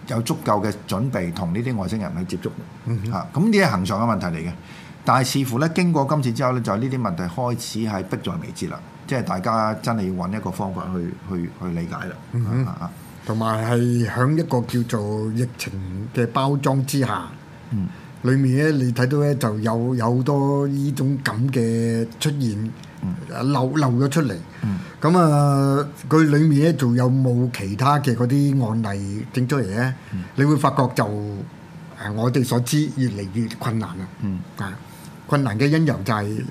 Speaker 3: 有足夠嘅準備同呢啲外星人去接觸，嚇，咁呢啲係恆常嘅問題嚟嘅。但係似乎咧經過今次之後咧，就呢啲問題開始係迫在眉睫啦，即係大家真係要揾一個方法去去去理解啦。同埋係響一個叫
Speaker 2: 做疫情嘅包裝之下，嗯，裡面咧你睇到呢就有有多呢種咁嘅出現。漏漏咗出嚟，咁、嗯、啊，佢裏面咧仲有冇其他嘅嗰啲案例整出嚟呢？嗯、你會發覺就誒我哋所知越嚟越困難啦。嗯、啊，困難嘅因由就係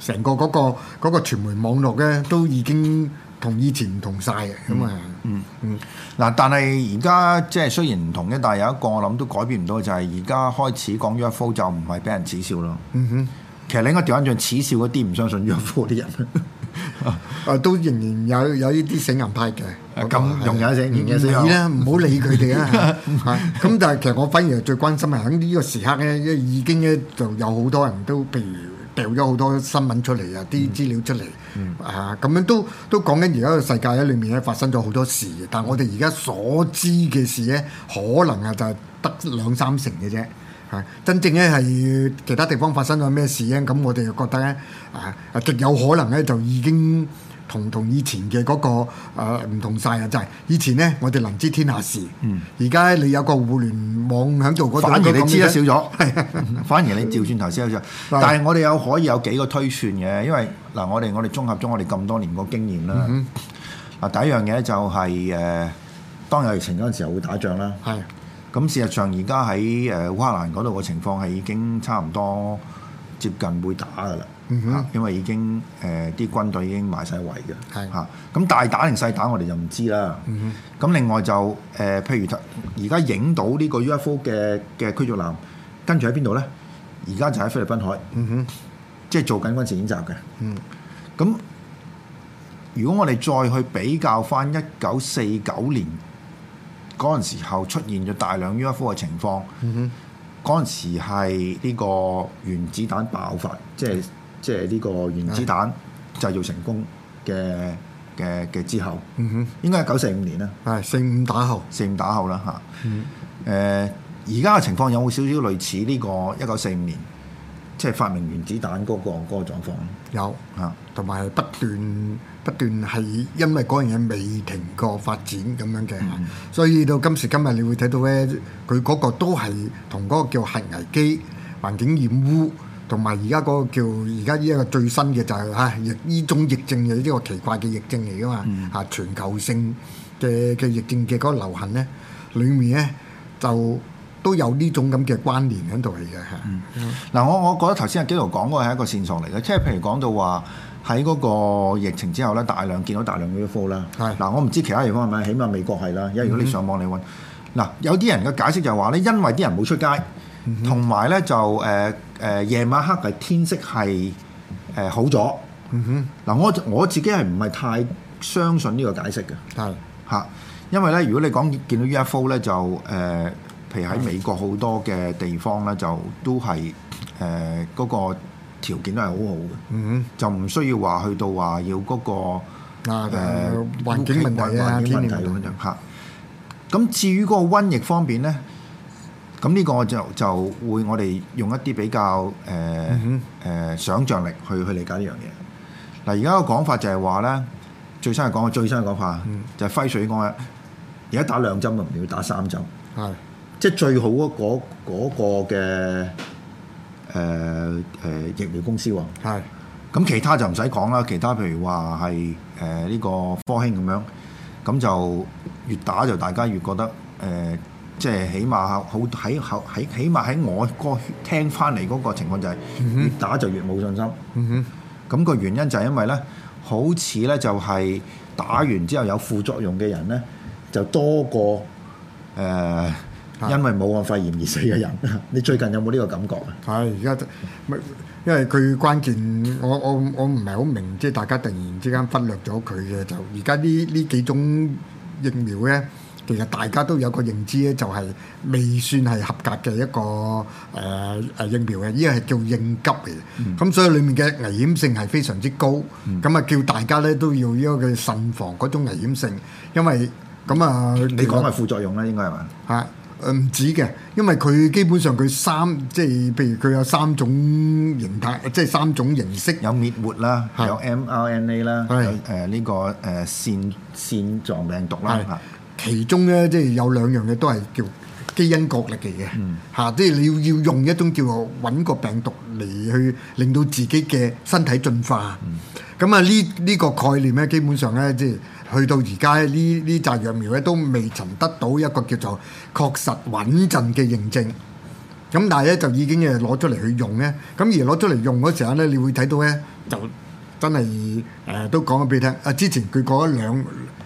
Speaker 2: 成個嗰、嗰個嗰、嗰個、傳媒網絡呢，都已經
Speaker 3: 同以前唔同晒。啊。咁啊、嗯，嗯嗯，嗱，但係而家即係雖然唔同嘅，但係有一個我諗都改變唔到就係而家開始講 UFO 就唔係俾人恥笑咯。嗯哼。其實你應該調翻轉恥笑嗰啲唔相信 UFO 啲人， 啊，都
Speaker 2: 仍然有有呢啲死硬派嘅，咁容忍啲醒嘅先啦，唔好理佢哋啊。咁但係其實我反而係最關心啊。喺呢個時刻咧，因為已經咧就有好多人都譬如掉咗好多新聞出嚟啊，啲資料出嚟、嗯嗯、啊，咁樣都都講緊而家個世界喺裏面咧發生咗好多事嘅，但係我哋而家所知嘅事咧，可能啊就係得兩三成嘅啫。真正咧係其他地方發生咗咩事咧？咁我哋就覺得咧，啊啊極有可能咧就已經同同以前嘅嗰、那個啊唔同晒啊！就係、是、以前咧，我哋能知天下事，而家、嗯、你有個互聯網響做嗰度，反而你知得少
Speaker 3: 咗。 反而你調轉頭先有。 但係我哋有可以有幾個推算嘅，因為嗱，我哋我哋綜合咗我哋咁多年個經驗啦。嗱、嗯，嗯、第一樣嘢就係、是、誒、呃，當有疫情嗰陣時候會打仗啦。係。咁事實上，而家喺誒烏克蘭嗰度嘅情況係已經差唔多接近會打嘅啦，因為已經誒啲軍隊已經埋曬圍嘅。係嚇，咁大打定細打我哋就唔知啦。咁另外就誒，譬如就而家影到呢個 UFO 嘅嘅驅逐艦，跟住喺邊度咧？而家就喺菲律賓海，即係做緊軍事演習嘅。咁如果我哋再去比較返一九四九年。嗰陣時候出現咗大量 UFO 嘅情況，嗰陣、mm hmm. 時係呢個原子彈爆發，mm hmm. 即係即係呢個原子彈製造成功嘅嘅嘅之後，哼、mm，hmm. 應該係九四五年啦，係、mm hmm. 四五打後，四五打後啦嚇。誒，而家嘅情況有冇少少類似呢個一九四五年，即、就、係、是、發明原子彈嗰、那個嗰、那個狀況有嚇，同埋係不斷。不斷
Speaker 2: 係因為嗰樣嘢未停過發展咁樣嘅，嗯、所以到今時今日，你會睇到咧，佢嗰個都係同嗰個叫核危機、環境染污，同埋而家嗰個叫而家呢一個最新嘅就係、是、嚇、啊、疫，呢種疫症嘅呢個奇怪嘅疫症嚟噶嘛嚇全球性嘅嘅疫症嘅嗰個流行咧，裡面咧
Speaker 3: 就都有呢種咁嘅關聯喺度嚟嘅嚇。嗱、嗯，嗯、我我覺得頭先阿紀陶講過係一個線索嚟嘅，即係譬如講到話。喺嗰個疫情之後咧，大量見到大量 UFO 啦是。係。嗱，我唔知其他地方係咪，起碼美國係啦。因為如果你上網你搵，嗱有啲人嘅解釋就係話咧，因為啲人冇出街，同埋咧就誒誒夜晚黑嘅天色係誒、呃、好咗。嗯、哼，嗱我我自己係唔係太相信呢個解釋嘅？係吓是，因為咧如果你講見到 UFO 咧，就誒、呃，譬如喺美國好多嘅地方咧，就都係誒嗰個。條件都係好好嘅，嗯哼，就唔需要話去到話要嗰個誒環境問題啊，環境問題咁樣嚇。咁至於嗰個瘟疫方面咧，咁呢個就就會我哋用一啲比較誒誒想像力去去理解呢樣嘢。嗱，而家個講法就係話咧，最新嘅講法，最新嘅講法，就係輝瑞講啦。而家打兩針啊，唔要打三針，係即係最好嗰嗰個嘅。誒誒、呃呃、疫苗公司喎，咁係其他就唔使講啦，其他譬如話係誒呢個科興咁樣，咁就越打就大家越覺得誒，即、呃、係、就是、起碼好喺後喺起碼喺我個聽翻嚟嗰個情況就係、嗯哼、越打就越冇信心，咁、嗯哼、個原因就係因為咧，好似咧就係打完之後有副作用嘅人咧就多過誒。呃因為冇按肺炎而死嘅人， 你最近有冇呢個感覺啊？係而家，
Speaker 2: 因為佢關鍵，我我我唔係好明，即係大家突然之間忽略咗佢嘅就而家呢呢幾種疫苗咧，其實大家都有個認知咧，就係未算係合格嘅一個誒誒、呃、疫苗嘅，呢個係叫應急嚟嘅，咁、嗯、所以裡面嘅危險性係非常之高，咁啊、嗯、叫大家咧都要呢個嘅慎防嗰種危險性，因為咁啊，你講係副
Speaker 3: 作用啦，應該係嘛？
Speaker 2: 係、啊。誒、嗯、唔止嘅，因為佢基本上佢三即係，譬如佢有三種形態，即係三種形式，有滅活啦，有 mRNA 啦，誒呢係、呃這個誒、呃、線線狀病毒啦，其中咧即係有兩樣嘢都係叫。基因角力嚟嘅嚇，即係你要要用一種叫做揾個病毒嚟去令到自己嘅身體進化。咁啊，呢呢個概念咧，基本上咧，即係去到而家咧，呢呢扎藥苗咧都未曾得到一個叫做確實穩陣嘅認證。咁但係咧，就已經係攞出嚟去用咧。咁而攞出嚟用嗰時候咧，你會睇到咧，就真係誒都講咗俾你聽。啊，之前佢講咗兩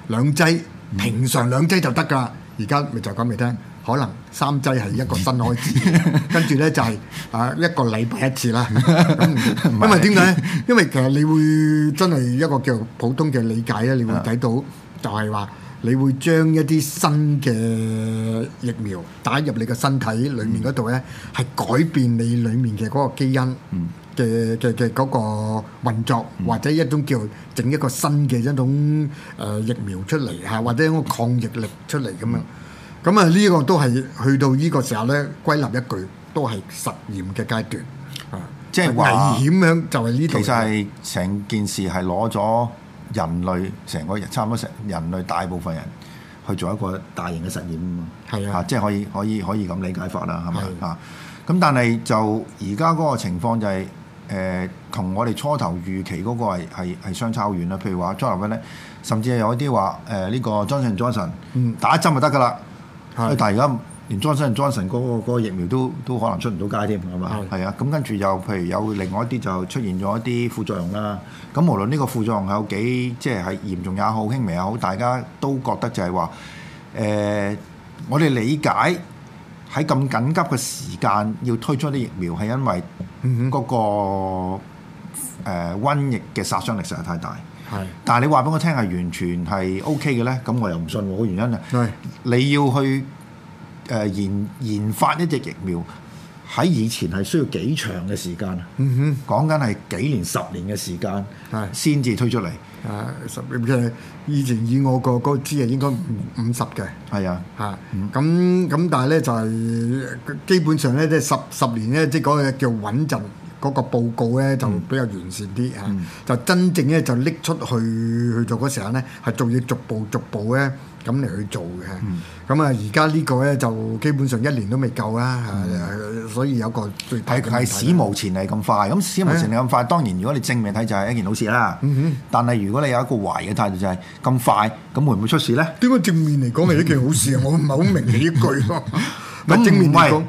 Speaker 2: 兩劑，平常兩劑就得㗎喇。而家咪就講俾你聽。可能三劑係一個新開始，跟住呢就係啊一個禮拜一次啦。 是因為點解？ 因為其實你會真係一個叫普通嘅理解咧，你會睇到就係話，你會將一啲新嘅疫苗打入你嘅身體裡面嗰度呢，係改變你裡面嘅嗰個基因嘅嘅嘅嗰個運作， 或者一種叫整一個新嘅一種誒疫苗出嚟嚇，或者一個抗疫力出嚟咁樣。咁啊，呢個都係去到呢個時候咧，歸納一句，都係實驗嘅階段。
Speaker 3: 即係危險，響就係呢條。其實係成件事係攞咗人類成個人，差唔多成人類大部分人去做一個大型嘅實驗是啊啊，即、就、係、是、可以可以可以咁理解法啦，係咪？是啊，啊？咁但係就而家嗰個情況就係、是、誒，同、呃、我哋初頭預期嗰個係係相差好遠啦。譬如話 j o h n 咧，甚至係有啲話誒，呢、呃這個 John son, Johnson Johnson 打一針就得噶啦。但係而家連 Johnson Johnson 嗰個嗰個疫苗都都可能出唔到街添，係嘛？係 啊，咁跟住又譬如有另外一啲就出現咗一啲副作用啦、啊。咁無論呢個副作用係有幾即係係嚴重也好、輕微也好，大家都覺得就係話誒，我哋理解喺咁緊急嘅時間要推出啲疫苗係因為嗰、嗰個、呃、瘟疫嘅殺傷力實在太大。係，但係你話俾我聽係完全係 OK 嘅咧，咁我又唔信個原因啊！你要去誒研研發一隻疫苗，喺以前係需要幾長嘅時間啊？嗯、哼，講緊係幾年、十年嘅時間，係先至推出嚟，係、啊、十一
Speaker 2: 出以前以我個個知啊，應該五，五十嘅，
Speaker 3: 係啊的，嚇
Speaker 2: 咁咁，的嗯、但係咧就係、係、基本上咧，即係十十年咧，即係講叫穩陣，嗰個報告咧就比較完善啲啊，就真正咧就拎出去去做嗰時候咧，係仲要逐步逐步咧咁嚟去做嘅。咁啊，而家呢個咧就
Speaker 3: 基本上一年都未夠啦，所以有個最係係史無前例咁快。咁史無前例咁快，當然如果你正面睇就係一件好事啦。嗯嗯，但係如果你有一個懷疑嘅態度，就係咁快，咁會唔會出事咧？點解正面嚟講係一件好事啊？我唔係好明呢一句咯。咁正面嚟講，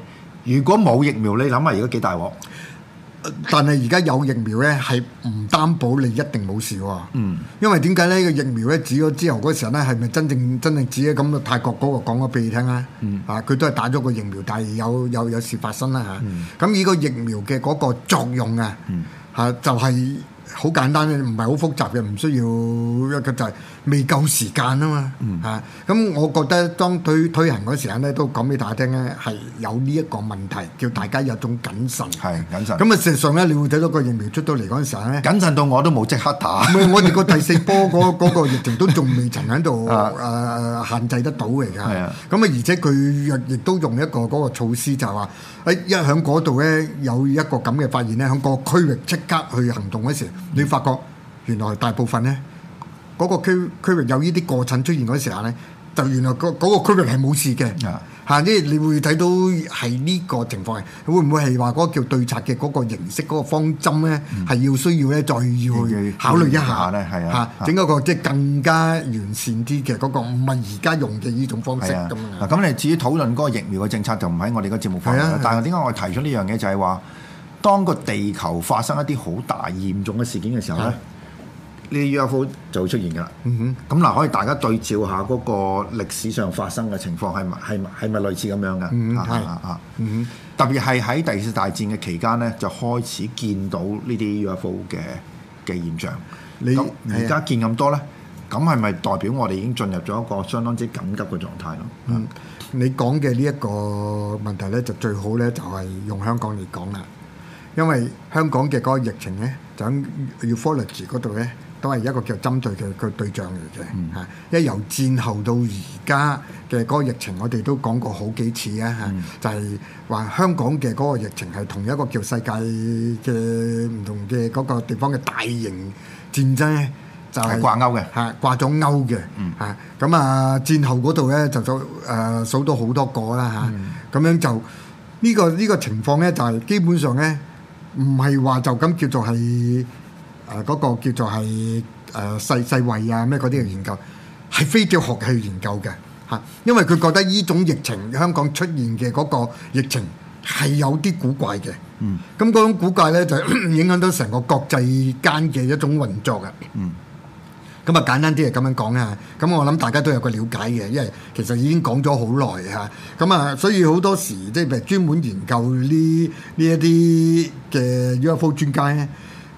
Speaker 3: 如果冇疫苗，你諗下而家幾大鑊？
Speaker 2: 但係而家有疫苗咧，係唔擔保你一定冇事喎。
Speaker 3: 嗯，
Speaker 2: 因為點解呢個疫苗咧，指咗之後嗰時候咧，係咪真正真正止咧咁啊？泰國嗰、嗰個講咗俾你聽、嗯、啊，啊，佢都係打咗個疫苗，但係有有有，有事發生啦嚇。咁、啊、依、嗯、個疫苗嘅嗰個作用啊，係就係、係。好簡單嘅，唔係好複雜嘅，唔需要一個就係、是、未夠時間、嗯、啊嘛嚇。咁我覺得當推推行嗰陣時間咧，都講俾大家聽咧，係有呢一個問題，叫大家有種謹慎。係謹慎。咁啊，事實上咧，你會睇到個疫苗出到嚟嗰陣時候咧，謹慎到我都冇即刻打。我哋個第四波嗰 個疫情都仲未曾喺度啊限制得到嚟㗎。係啊的。咁啊，而且佢亦都用一個嗰個,個措施就係話。喺 一喺嗰度咧有一個咁嘅發現咧，喺個區域即刻去行動嘅時候，你發覺原來大部分咧嗰個區區域有依啲過程出現嗰時候咧。就原來嗰嗰個區域係冇事嘅，嚇的！即係你會睇到係呢個情況嘅，會唔會係話嗰個叫對策嘅嗰個形式嗰個方針咧，係要、嗯、需要咧再要去考慮一下，
Speaker 3: 嚇，整一個即係更加完善啲嘅嗰個，唔係而家用嘅呢種方式啊。咁的樣你至於討論嗰個疫苗嘅政策，就唔喺我哋嘅節目範圍啊，但係點解我提出呢樣嘢，就係話當個地球發生一啲好大嚴重嘅事件嘅時候咧？呢啲 UFO 就會出現㗎啦。咁嗱、嗯，可以大家對照下嗰個歷史上發生嘅情況係係係咪類似咁樣嘅、啊嗯嗯？特別係喺第二次大戰嘅期間呢，就開始見到呢啲 UFO 嘅嘅現象。你而家見咁多呢，咁係咪代表我哋已經進入咗一個相當之緊急嘅狀態咯、嗯？
Speaker 2: 你講嘅呢一個問題呢，就最好呢，就係、是、用香港嚟講啦，因為香港嘅嗰個疫情呢，就喺 UFO 歷史嗰度呢。都係一個叫針對嘅個對象嚟嘅嚇，因為、嗯、由戰後到而家嘅嗰個疫情，我哋都講過好幾次啊嚇，嗯、就係話香港嘅嗰個疫情係同一個叫世界嘅唔同嘅嗰個地方嘅大型戰爭咧，就係掛鈎嘅嚇，掛咗鈎嘅嚇。咁、嗯、啊戰後嗰度咧就數誒、呃、數到好多個啦嚇，咁、嗯、樣就呢、呢個呢、呢個情況咧就係基本上咧唔係話就咁叫做係。誒嗰、啊那個叫做係誒、呃、世世衛啊咩嗰啲嘅研究係非叫學去研究嘅嚇、啊，因為佢覺得呢種疫情香港出現嘅嗰個疫情係有啲古怪嘅。嗯，咁嗰種古怪咧就咳咳影響到成個國際間嘅一種運作嘅。嗯，咁啊簡單啲係咁樣講啦咁、啊、我諗大家都有個了解嘅，因為其實已經講咗好耐嚇。咁啊，所以好多時即係譬如專門研究呢呢一啲嘅 UFO 專家咧。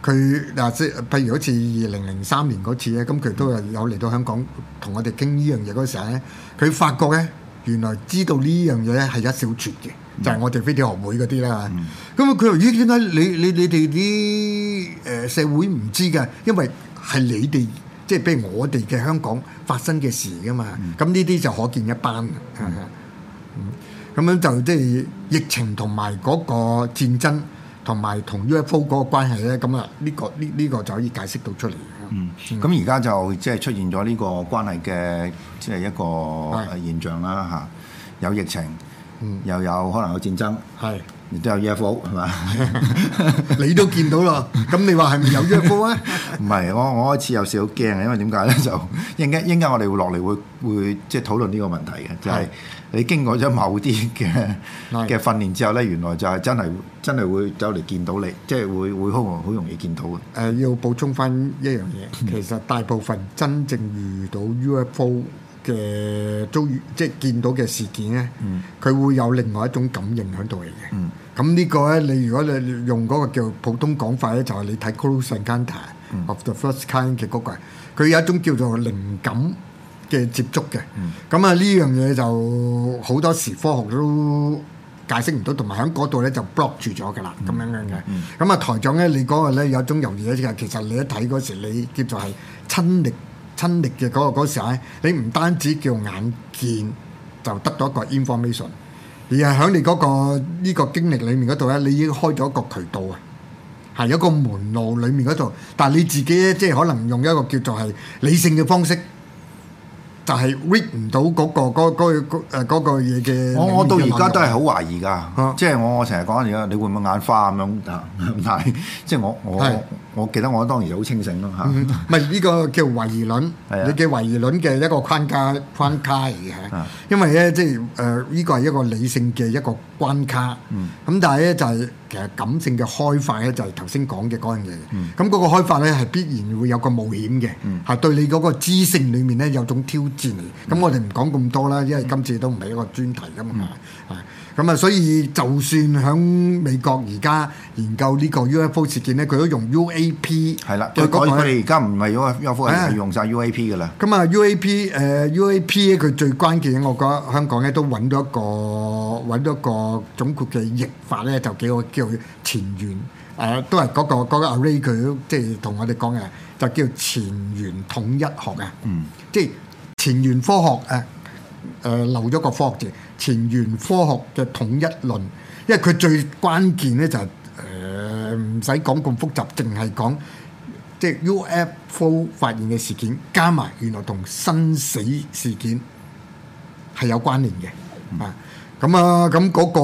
Speaker 2: 佢嗱即譬如好似二零零三年嗰次咧，咁佢都有嚟到香港同我哋傾呢樣嘢嗰時候咧，佢發覺咧原來知道呢樣嘢咧係一小撮嘅，就係、是、我哋飛碟學會嗰啲啦。咁佢話咦，點解你你你哋啲誒社會唔知㗎？因為係你哋即係比如我哋嘅香港發生嘅事噶嘛。咁呢啲就可見一斑。咁樣、嗯嗯、就即係疫情同埋嗰個戰爭。同埋同 UFO 嗰個
Speaker 3: 關係咧，咁啊呢個呢呢個就可以解釋到出嚟。嗯，咁而家就即係出現咗呢個關係嘅即係一個現象啦吓是、啊，有疫情，嗯，又有可能有戰爭，係。都有 UFO 係嘛？ 你都見到咯，咁你話係咪有 UFO 啊？唔係，我我開始有少少驚嘅，因為點解咧？就應應應該我哋會落嚟會會即係討論呢個問題嘅，就係、是、你經過咗某啲嘅嘅訓練之後咧，的原來就係真係真係會走嚟見到你，即、就、係、是、會會好容好容易見到
Speaker 2: 嘅。誒，要補充翻一樣嘢，其實大部分真正遇到 UFO 嘅遭遇即係見到嘅事件咧，佢會有另外一種感應喺度嚟嘅。咁呢、嗯、個咧，你如果你用嗰個叫普通講法咧，就係、是、你睇 Close Encounter of the First Kind 嘅嗰、那個，佢有一種叫做靈感嘅接觸嘅。咁啊，呢樣嘢就好多時科學都解釋唔到，同埋喺嗰度咧就 block 住咗㗎啦，咁、嗯、樣樣嘅。咁啊、嗯、台長咧，你講嘅咧有一種猶豫嘅，其實你一睇嗰時，你叫做係親歷。親歷嘅嗰個嗰時候咧，你唔單止叫眼見就得咗一個 information，而係喺你嗰個呢個經歷裡面嗰度咧，你已經開咗一個渠道啊，係一個門路裡面嗰度，但係你自己咧，即係可能用一個叫做係理性嘅方式。就係 read 唔到嗰、嗰個嗰嗰嘢嘅。我我到而家都係
Speaker 3: 好懷疑㗎，即係我我成日講而家，你會唔會眼花咁樣？但係，即係我我我記得我當時好清醒咯嚇。唔係呢個叫懷疑論，的你嘅
Speaker 2: 懷疑論嘅一個框架框架嚟嘅，的因為咧即係誒呢個係一個理性嘅一個關卡，咁、嗯、但係咧就係、是。其實感性嘅開發咧，就係頭先講嘅嗰樣嘢。咁嗰個開發咧，係必然會有個冒險嘅，係、嗯、對你嗰個知性裡面咧有種挑戰。咁、嗯、我哋唔講咁多啦，因為今次都唔係一個專題㗎嘛。咁啊，所以就算響美國而家研究呢個 UFO 事件咧，佢都用 UAP 的。
Speaker 3: 係啦、那個，對的，佢佢哋而家唔係 UFO 係用晒 UAP 㗎啦。
Speaker 2: 咁啊，UAP 誒 UAP 佢最關鍵，我覺得香港咧都揾咗一個揾咗個，個總括嘅譯法咧，就叫叫前沿。誒，都係嗰個嗰個阿 Ray 佢即係同我哋講嘅，就叫前沿、呃那個那個、統一學嘅。嗯，即係前沿科學誒。誒、呃、留咗個科學字，前沿科學嘅統一論，因為佢最關鍵呢就係誒唔使講咁複雜，淨係講即係 UFO 發現嘅事件，加埋原來同生死事件係有關聯嘅、嗯、啊！咁啊、嗰個，咁、嗰、嗰個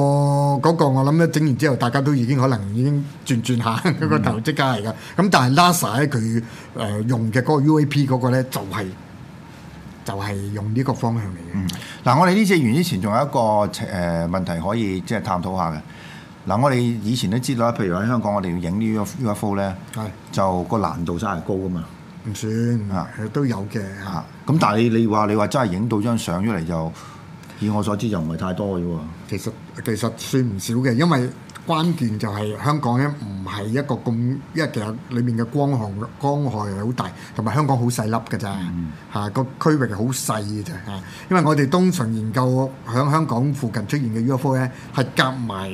Speaker 2: 嗰、嗰個我諗咧整完之後，大家都已經可能已經轉轉下嗰 個投資家嚟噶。咁但係 NASA 咧，佢誒用嘅嗰個 UAP 嗰個咧就係、係。
Speaker 3: 就係用呢個方向嚟嘅。嗱、嗯，我哋呢隻完之前仲有一個誒、呃、問題可以即係探討下嘅。嗱，我哋以前都知道，譬如喺香港，我哋要影呢一呢一 UFO 咧，係就個難度真係高㗎嘛。唔算啊，都有嘅嚇。咁、啊、但係你話你話真係影到張相出嚟就，以我所知就唔係太多嘅喎、啊。其實其實算唔少嘅，因為。關鍵就係香港咧，唔係一個
Speaker 2: 咁，因為其實裏面嘅光害光害係好大，同埋香港好細粒嘅啫，吓，個區域好細嘅啫吓。因為我哋通常研究喺香港附近出現嘅 UFO 咧，係夾埋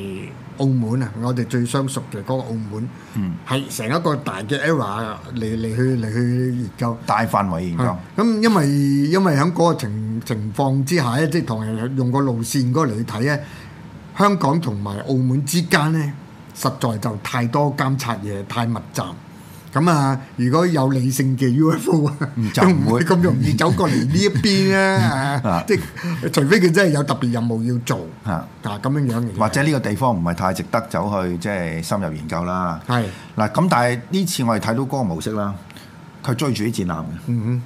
Speaker 2: 澳門啊，我哋最相熟嘅嗰個澳門，係成一個大嘅 area 嚟嚟去嚟去研究。大範圍研究。咁因為因為喺嗰個情情況之下咧，即係同人用個路線嗰個嚟去睇咧。香港同埋澳門之間咧，實在就太多監察嘢，太密集。咁啊，如果有理性嘅 UFO，就唔會咁容
Speaker 3: 易走過嚟呢一邊啦、啊。 啊、即係除非佢真係有特別任務要做。嗱咁、啊、樣樣、啊，或者呢個地方唔係太值得走去即係、就是、深入研究啦。係嗱咁，但係呢次我哋睇到嗰個模式啦，佢追住啲戰艦嘅。
Speaker 2: 嗯
Speaker 3: 哼，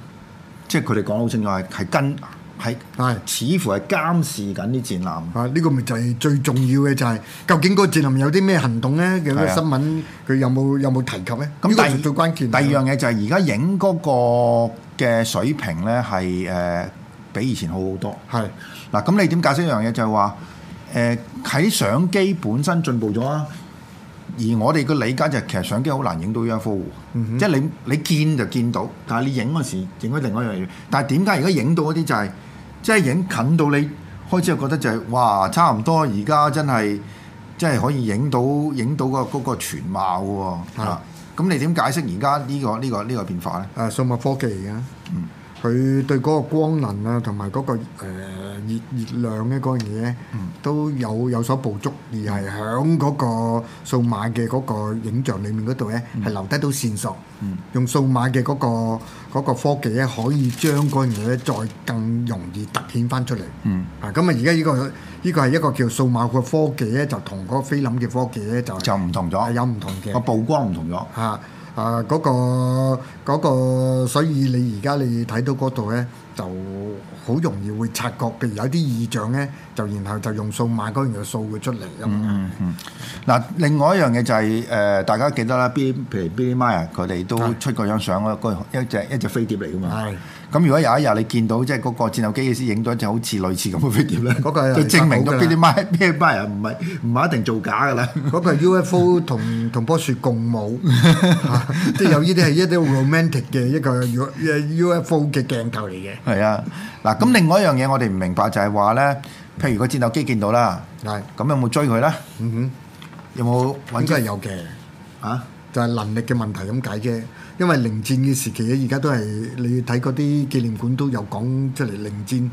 Speaker 3: 即係佢哋講得好清楚係跟。係，係是，似乎係監視緊啲戰艦。啊，呢、這個
Speaker 2: 咪就係最重要嘅、就是，就係究竟嗰個戰艦有啲咩行動咧、啊？有咩新聞佢有冇有冇提及咧？咁、嗯、第
Speaker 3: 二最關鍵，第二樣嘢就係而家影嗰個嘅水平咧，係誒、呃、比以前好好多。係，嗱，咁你點解釋一樣嘢？就係話誒喺相機本身進步咗啊，而我哋嘅理解就係、是、其實相機好難影到 UFO、嗯、哼即係你你見就見到，但係你影嗰時影咗另外一樣嘢。但係點解而家影到嗰啲就係？即係影近到你開始，就覺得就係、是、哇，差唔多而家真係，即係可以影到影到、那個嗰、那個全貌喎、哦。嚇的，咁、啊、你點解釋而家呢個呢、這個呢、這個變化呢？誒、啊，數碼科技嘅、啊。嗯。佢
Speaker 2: 對嗰個光能啊，同埋嗰個誒、呃、熱、熱量個呢個嘢，都有有所捕捉，而係喺嗰個數碼嘅嗰個影像裡面嗰度咧，係、嗯、留低到線索。嗯、用數碼嘅嗰、嗰個嗰個科技咧，可以將嗰樣嘢再更容易凸顯翻出嚟。嗯、啊，咁啊、呢個，而家呢個依個係一個叫數碼嘅科技咧，就同嗰個菲林嘅科技咧就就唔同咗、啊，有唔同嘅曝光唔同咗嚇。啊！嗰、那個、那個、所以你而家你睇到嗰度咧，就好容易會察覺譬如有啲異象咧，就然後就用數碼嗰樣嘢掃佢出嚟咁
Speaker 3: 啊！嗱、嗯嗯，另外一樣嘢就係、是、誒、呃，大家記得啦，B，譬如 Billy Meier 啊，佢哋都出過張相咯，嗰、啊、一隻一隻飛碟嚟噶嘛。咁如果有一日你見到，即係嗰個戰鬥機嘅師影咗一隻好似類似咁嘅飛碟咧？就證明咗呢啲咩咩班人唔係唔係一定造假噶啦。嗰個 UFO 同同棵樹共舞，
Speaker 2: 即係有呢啲係一啲 romantic 嘅一個 U UFO 嘅鏡頭嚟嘅。
Speaker 3: 係啊，嗱，咁另外一樣嘢我哋唔明白就係話咧，譬如個戰鬥機見到啦，咁有冇追佢啦？嗯哼，有冇？應該係有嘅，啊，
Speaker 2: 就係能力嘅問題咁解啫。因為零戰嘅時期咧，而家都係你睇嗰啲紀念館都有講出嚟零戰誒嗰、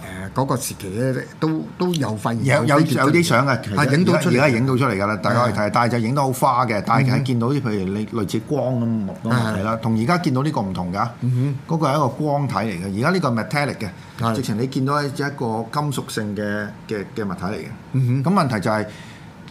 Speaker 2: 呃嗰個時期咧，都都有發現有有有啲相嘅，影到而家係影
Speaker 3: 到出嚟㗎啦，是的 大家可以睇。但係就影得好花嘅，但係喺見到譬如你類似光咁嘅啦，是的 同而家見到呢個唔同㗎。嗰個係一個光體嚟嘅，而家呢個 metallic 嘅，是的 直情你見到係一個金屬性嘅嘅嘅物體嚟嘅。咁是的 問題就係、是、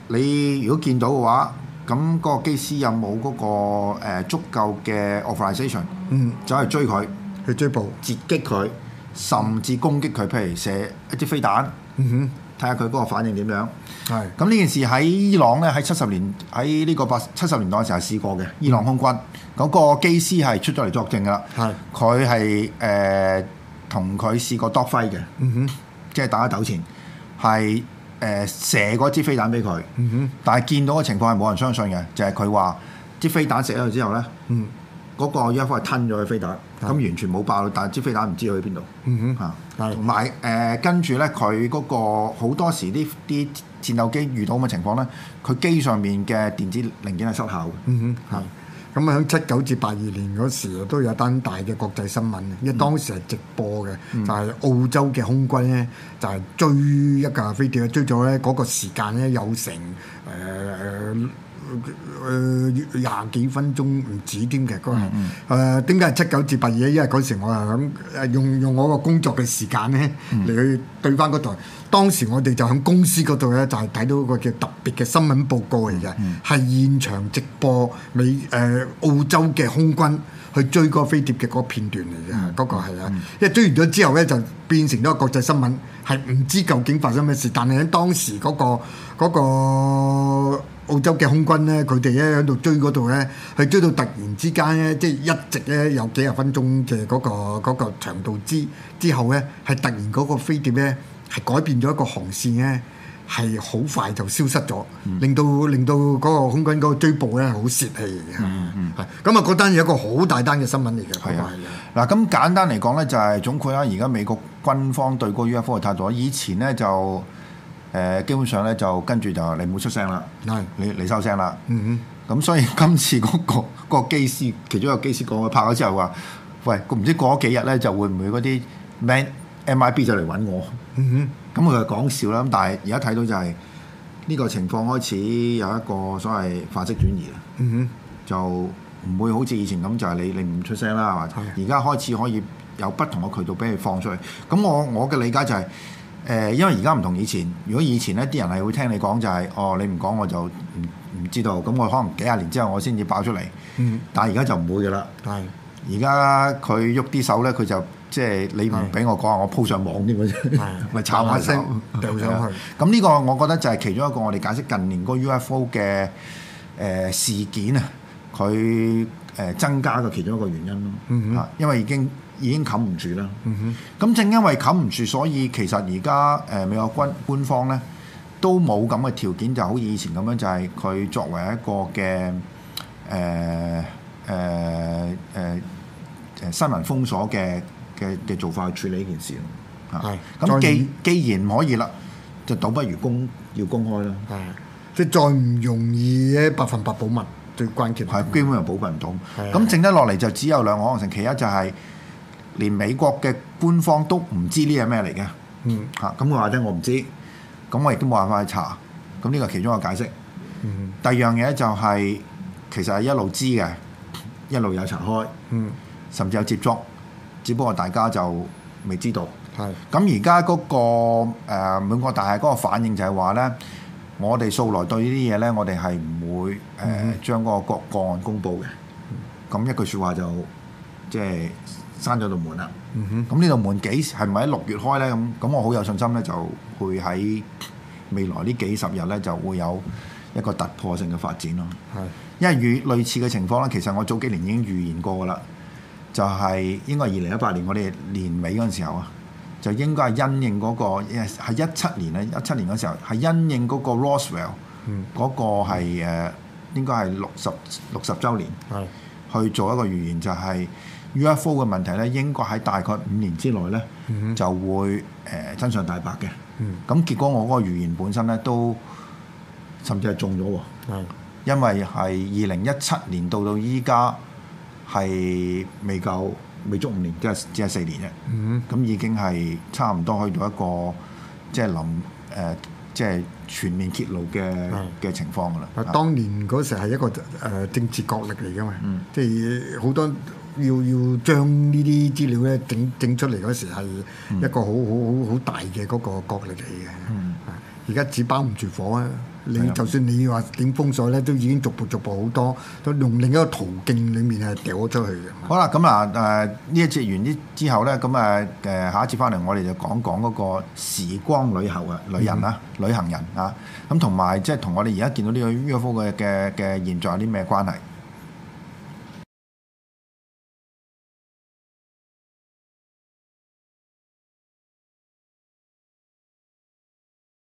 Speaker 3: 你如果見到嘅話。咁個機師有冇嗰個足夠嘅 authorization 嗯，走去追佢，去追捕、截擊佢，甚至攻擊佢，譬如射一隻飛彈。嗯哼，睇下佢嗰個反應點樣。係是。咁呢件事喺伊朗咧，喺七十年喺呢個八七十年代嘅時候試過嘅。嗯、伊朗空軍嗰個機師係出咗嚟作證㗎啦。係是。佢係誒同佢試過 dogfight 嘅。嗯哼，即係打一鬥纏係。誒、呃、射嗰支飛彈俾佢，嗯、哼但係見到嘅情況係冇人相信嘅，就係佢話支飛彈射咗度之後咧，嗰、嗯、個 UFO 吞咗個飛彈，咁的完全冇爆，但係支飛彈唔知去邊度。嚇、嗯哼，同埋誒跟住咧，佢嗰、呃嗰個好多時啲啲戰鬥機遇到咁嘅情況咧，佢機上面嘅電子零件係失效嘅。嗯哼的咁啊！喺七九至八二年嗰時，都有單大嘅國際新聞，因為當
Speaker 2: 時係直播嘅，就係、是、澳洲嘅空軍咧，就係、是、追一架飛碟，追咗咧嗰個時間咧有成誒誒廿幾分鐘唔止添嘅。咁啊，誒點解係七九至八二咧？因為嗰時我係咁用用我個工作嘅時間咧嚟去對翻嗰台。當時我哋就喺公司嗰度咧，就係睇到一個叫特別嘅新聞報告嚟嘅，係、嗯、現場直播美誒、呃、澳洲嘅空軍去追嗰個飛碟嘅嗰片段嚟嘅，嗰、嗰個係啊！嗯嗯、因為追完咗之後咧，就變成咗國際新聞，係唔知究竟發生咩事。但係當時嗰、嗰個嗰、嗰個、澳洲嘅空軍咧，佢哋咧喺度追嗰度咧，去追到突然之間咧，即、就、係、係、一直咧有幾廿分鐘嘅嗰、嗰個嗰、嗰個、長度之之後咧，係突然嗰個飛碟咧。係改變咗一個航線咧，係好快就消失咗，令到令到嗰個空軍嗰個追捕咧好泄氣嘅。嗯嗯，
Speaker 3: 咁啊，嗰、那個、單係一個好大單嘅新聞嚟嘅。係啊的，嗱，咁簡單嚟講咧，就係、是、總括啦。而家美國軍方對嗰 UFO 嘅態度，以前咧就誒、呃、基本上咧就跟住就你冇出聲啦，你的你，你收聲啦。
Speaker 2: 嗯
Speaker 3: 咁哼所以今次嗰、那個、那個那個機師，其中一個機師講佢拍咗之後話：喂，唔知過幾日咧就會唔會嗰啲 Man MIB 就嚟揾我？嗯咁佢就講笑啦，咁但係而家睇到就係呢個情況開始有一個所謂話式轉移啦。嗯、哼就唔會好似以前咁，就係你你唔出聲啦，係嘛？而家開始可以有不同嘅渠道俾你放出去。咁我我嘅理解就係、是，誒、呃，因為而家唔同以前。如果以前呢啲人係會聽你講、就是，就係哦，你唔講我就唔唔知道。咁、嗯、我、嗯、可能幾廿年之後我先至爆出嚟。但係而家就唔會噶啦。係、嗯哼。而家佢喐啲手呢，佢就。即係你唔俾我講啊！的我鋪上網，啲咪炒下聲，掉上去。咁呢個我覺得就係其中一個我哋解釋近年嗰 UFO 嘅誒、呃、事件啊，佢誒、呃、增加嘅其中一個原因咯。嗯、哼因為已經已經冚唔住啦。咁、嗯、哼正因為冚唔住，所以其實而家誒美國官官方咧都冇咁嘅條件，就好似以前咁樣，就係、是、佢作為一個嘅誒誒誒新聞封鎖嘅嘅嘅做法去處理呢件事咯，嚇是。咁、嗯、既既然唔可以啦，就倒不如公要公開啦。係的，即係再唔容易咧，百分百保密最關鍵。係，基本上保密唔到。咁的剩得落嚟就只有兩個可能性，其一就係連美國嘅官方都唔知呢係咩嚟嘅。嗯。嚇、嗯，咁佢話齋我唔知，咁我亦都冇辦法去查。咁呢個其中嘅解釋。嗯、第二樣嘢就係、是、其實係一路知嘅，一路有查開。嗯。甚至有接觸。只不過大家就未知道，係咁而家嗰個誒美國大嘅嗰個反應就係話呢，我哋素來對呢啲嘢呢，我哋係唔會誒、呃、將嗰個個案公佈嘅，咁一句説話就即係閂咗道門啦。咁呢、嗯、哼道門幾係咪喺六月開呢？咁咁我好有信心呢，就會喺未來呢幾十日呢，就會有一個突破性嘅發展咯。係的因為與類似嘅情況呢，其實我早幾年已經預言過噶啦。就係應該係二零一八年我哋年尾嗰陣時候啊，就應該係因應嗰、嗰個係一七年啊，一七年嗰時候係因應嗰個 Roswell 嗰、嗯、個係誒，應該係六十六十週年，是去做一個預言，就係、是、UFO 嘅問題咧，應該喺大概五年之內咧、嗯、就會誒、呃、真相大白嘅。咁、嗯、結果我嗰個預言本身咧都甚至係中咗喎，是因為係二零一七年到到依家。係未夠，未足五年，即係只係四年啫。咁、嗯、已經係差唔多可以去到一個，即係臨誒，即係全面揭露嘅嘅、嗯、情況㗎啦。當年嗰時係一個誒、呃、政治
Speaker 2: 角力嚟㗎嘛，嗯、即係好多要要將呢啲資料咧整整出嚟嗰時係一個好好好好大嘅嗰個角力嚟嘅。而家、嗯、紙包唔住火啊！你就算你話點封鎖咧，都已經逐步逐步好多，都用
Speaker 3: 另一個途徑裡面係掉咗出去嘅。 好啦，咁啊誒呢一節完之之後咧，咁啊誒下一節翻嚟，我哋就講講嗰個時光旅行嘅旅人啦、嗯、旅行人啊，咁同埋即係同我哋而家見到呢個 UFO 嘅嘅嘅現象有啲咩關係？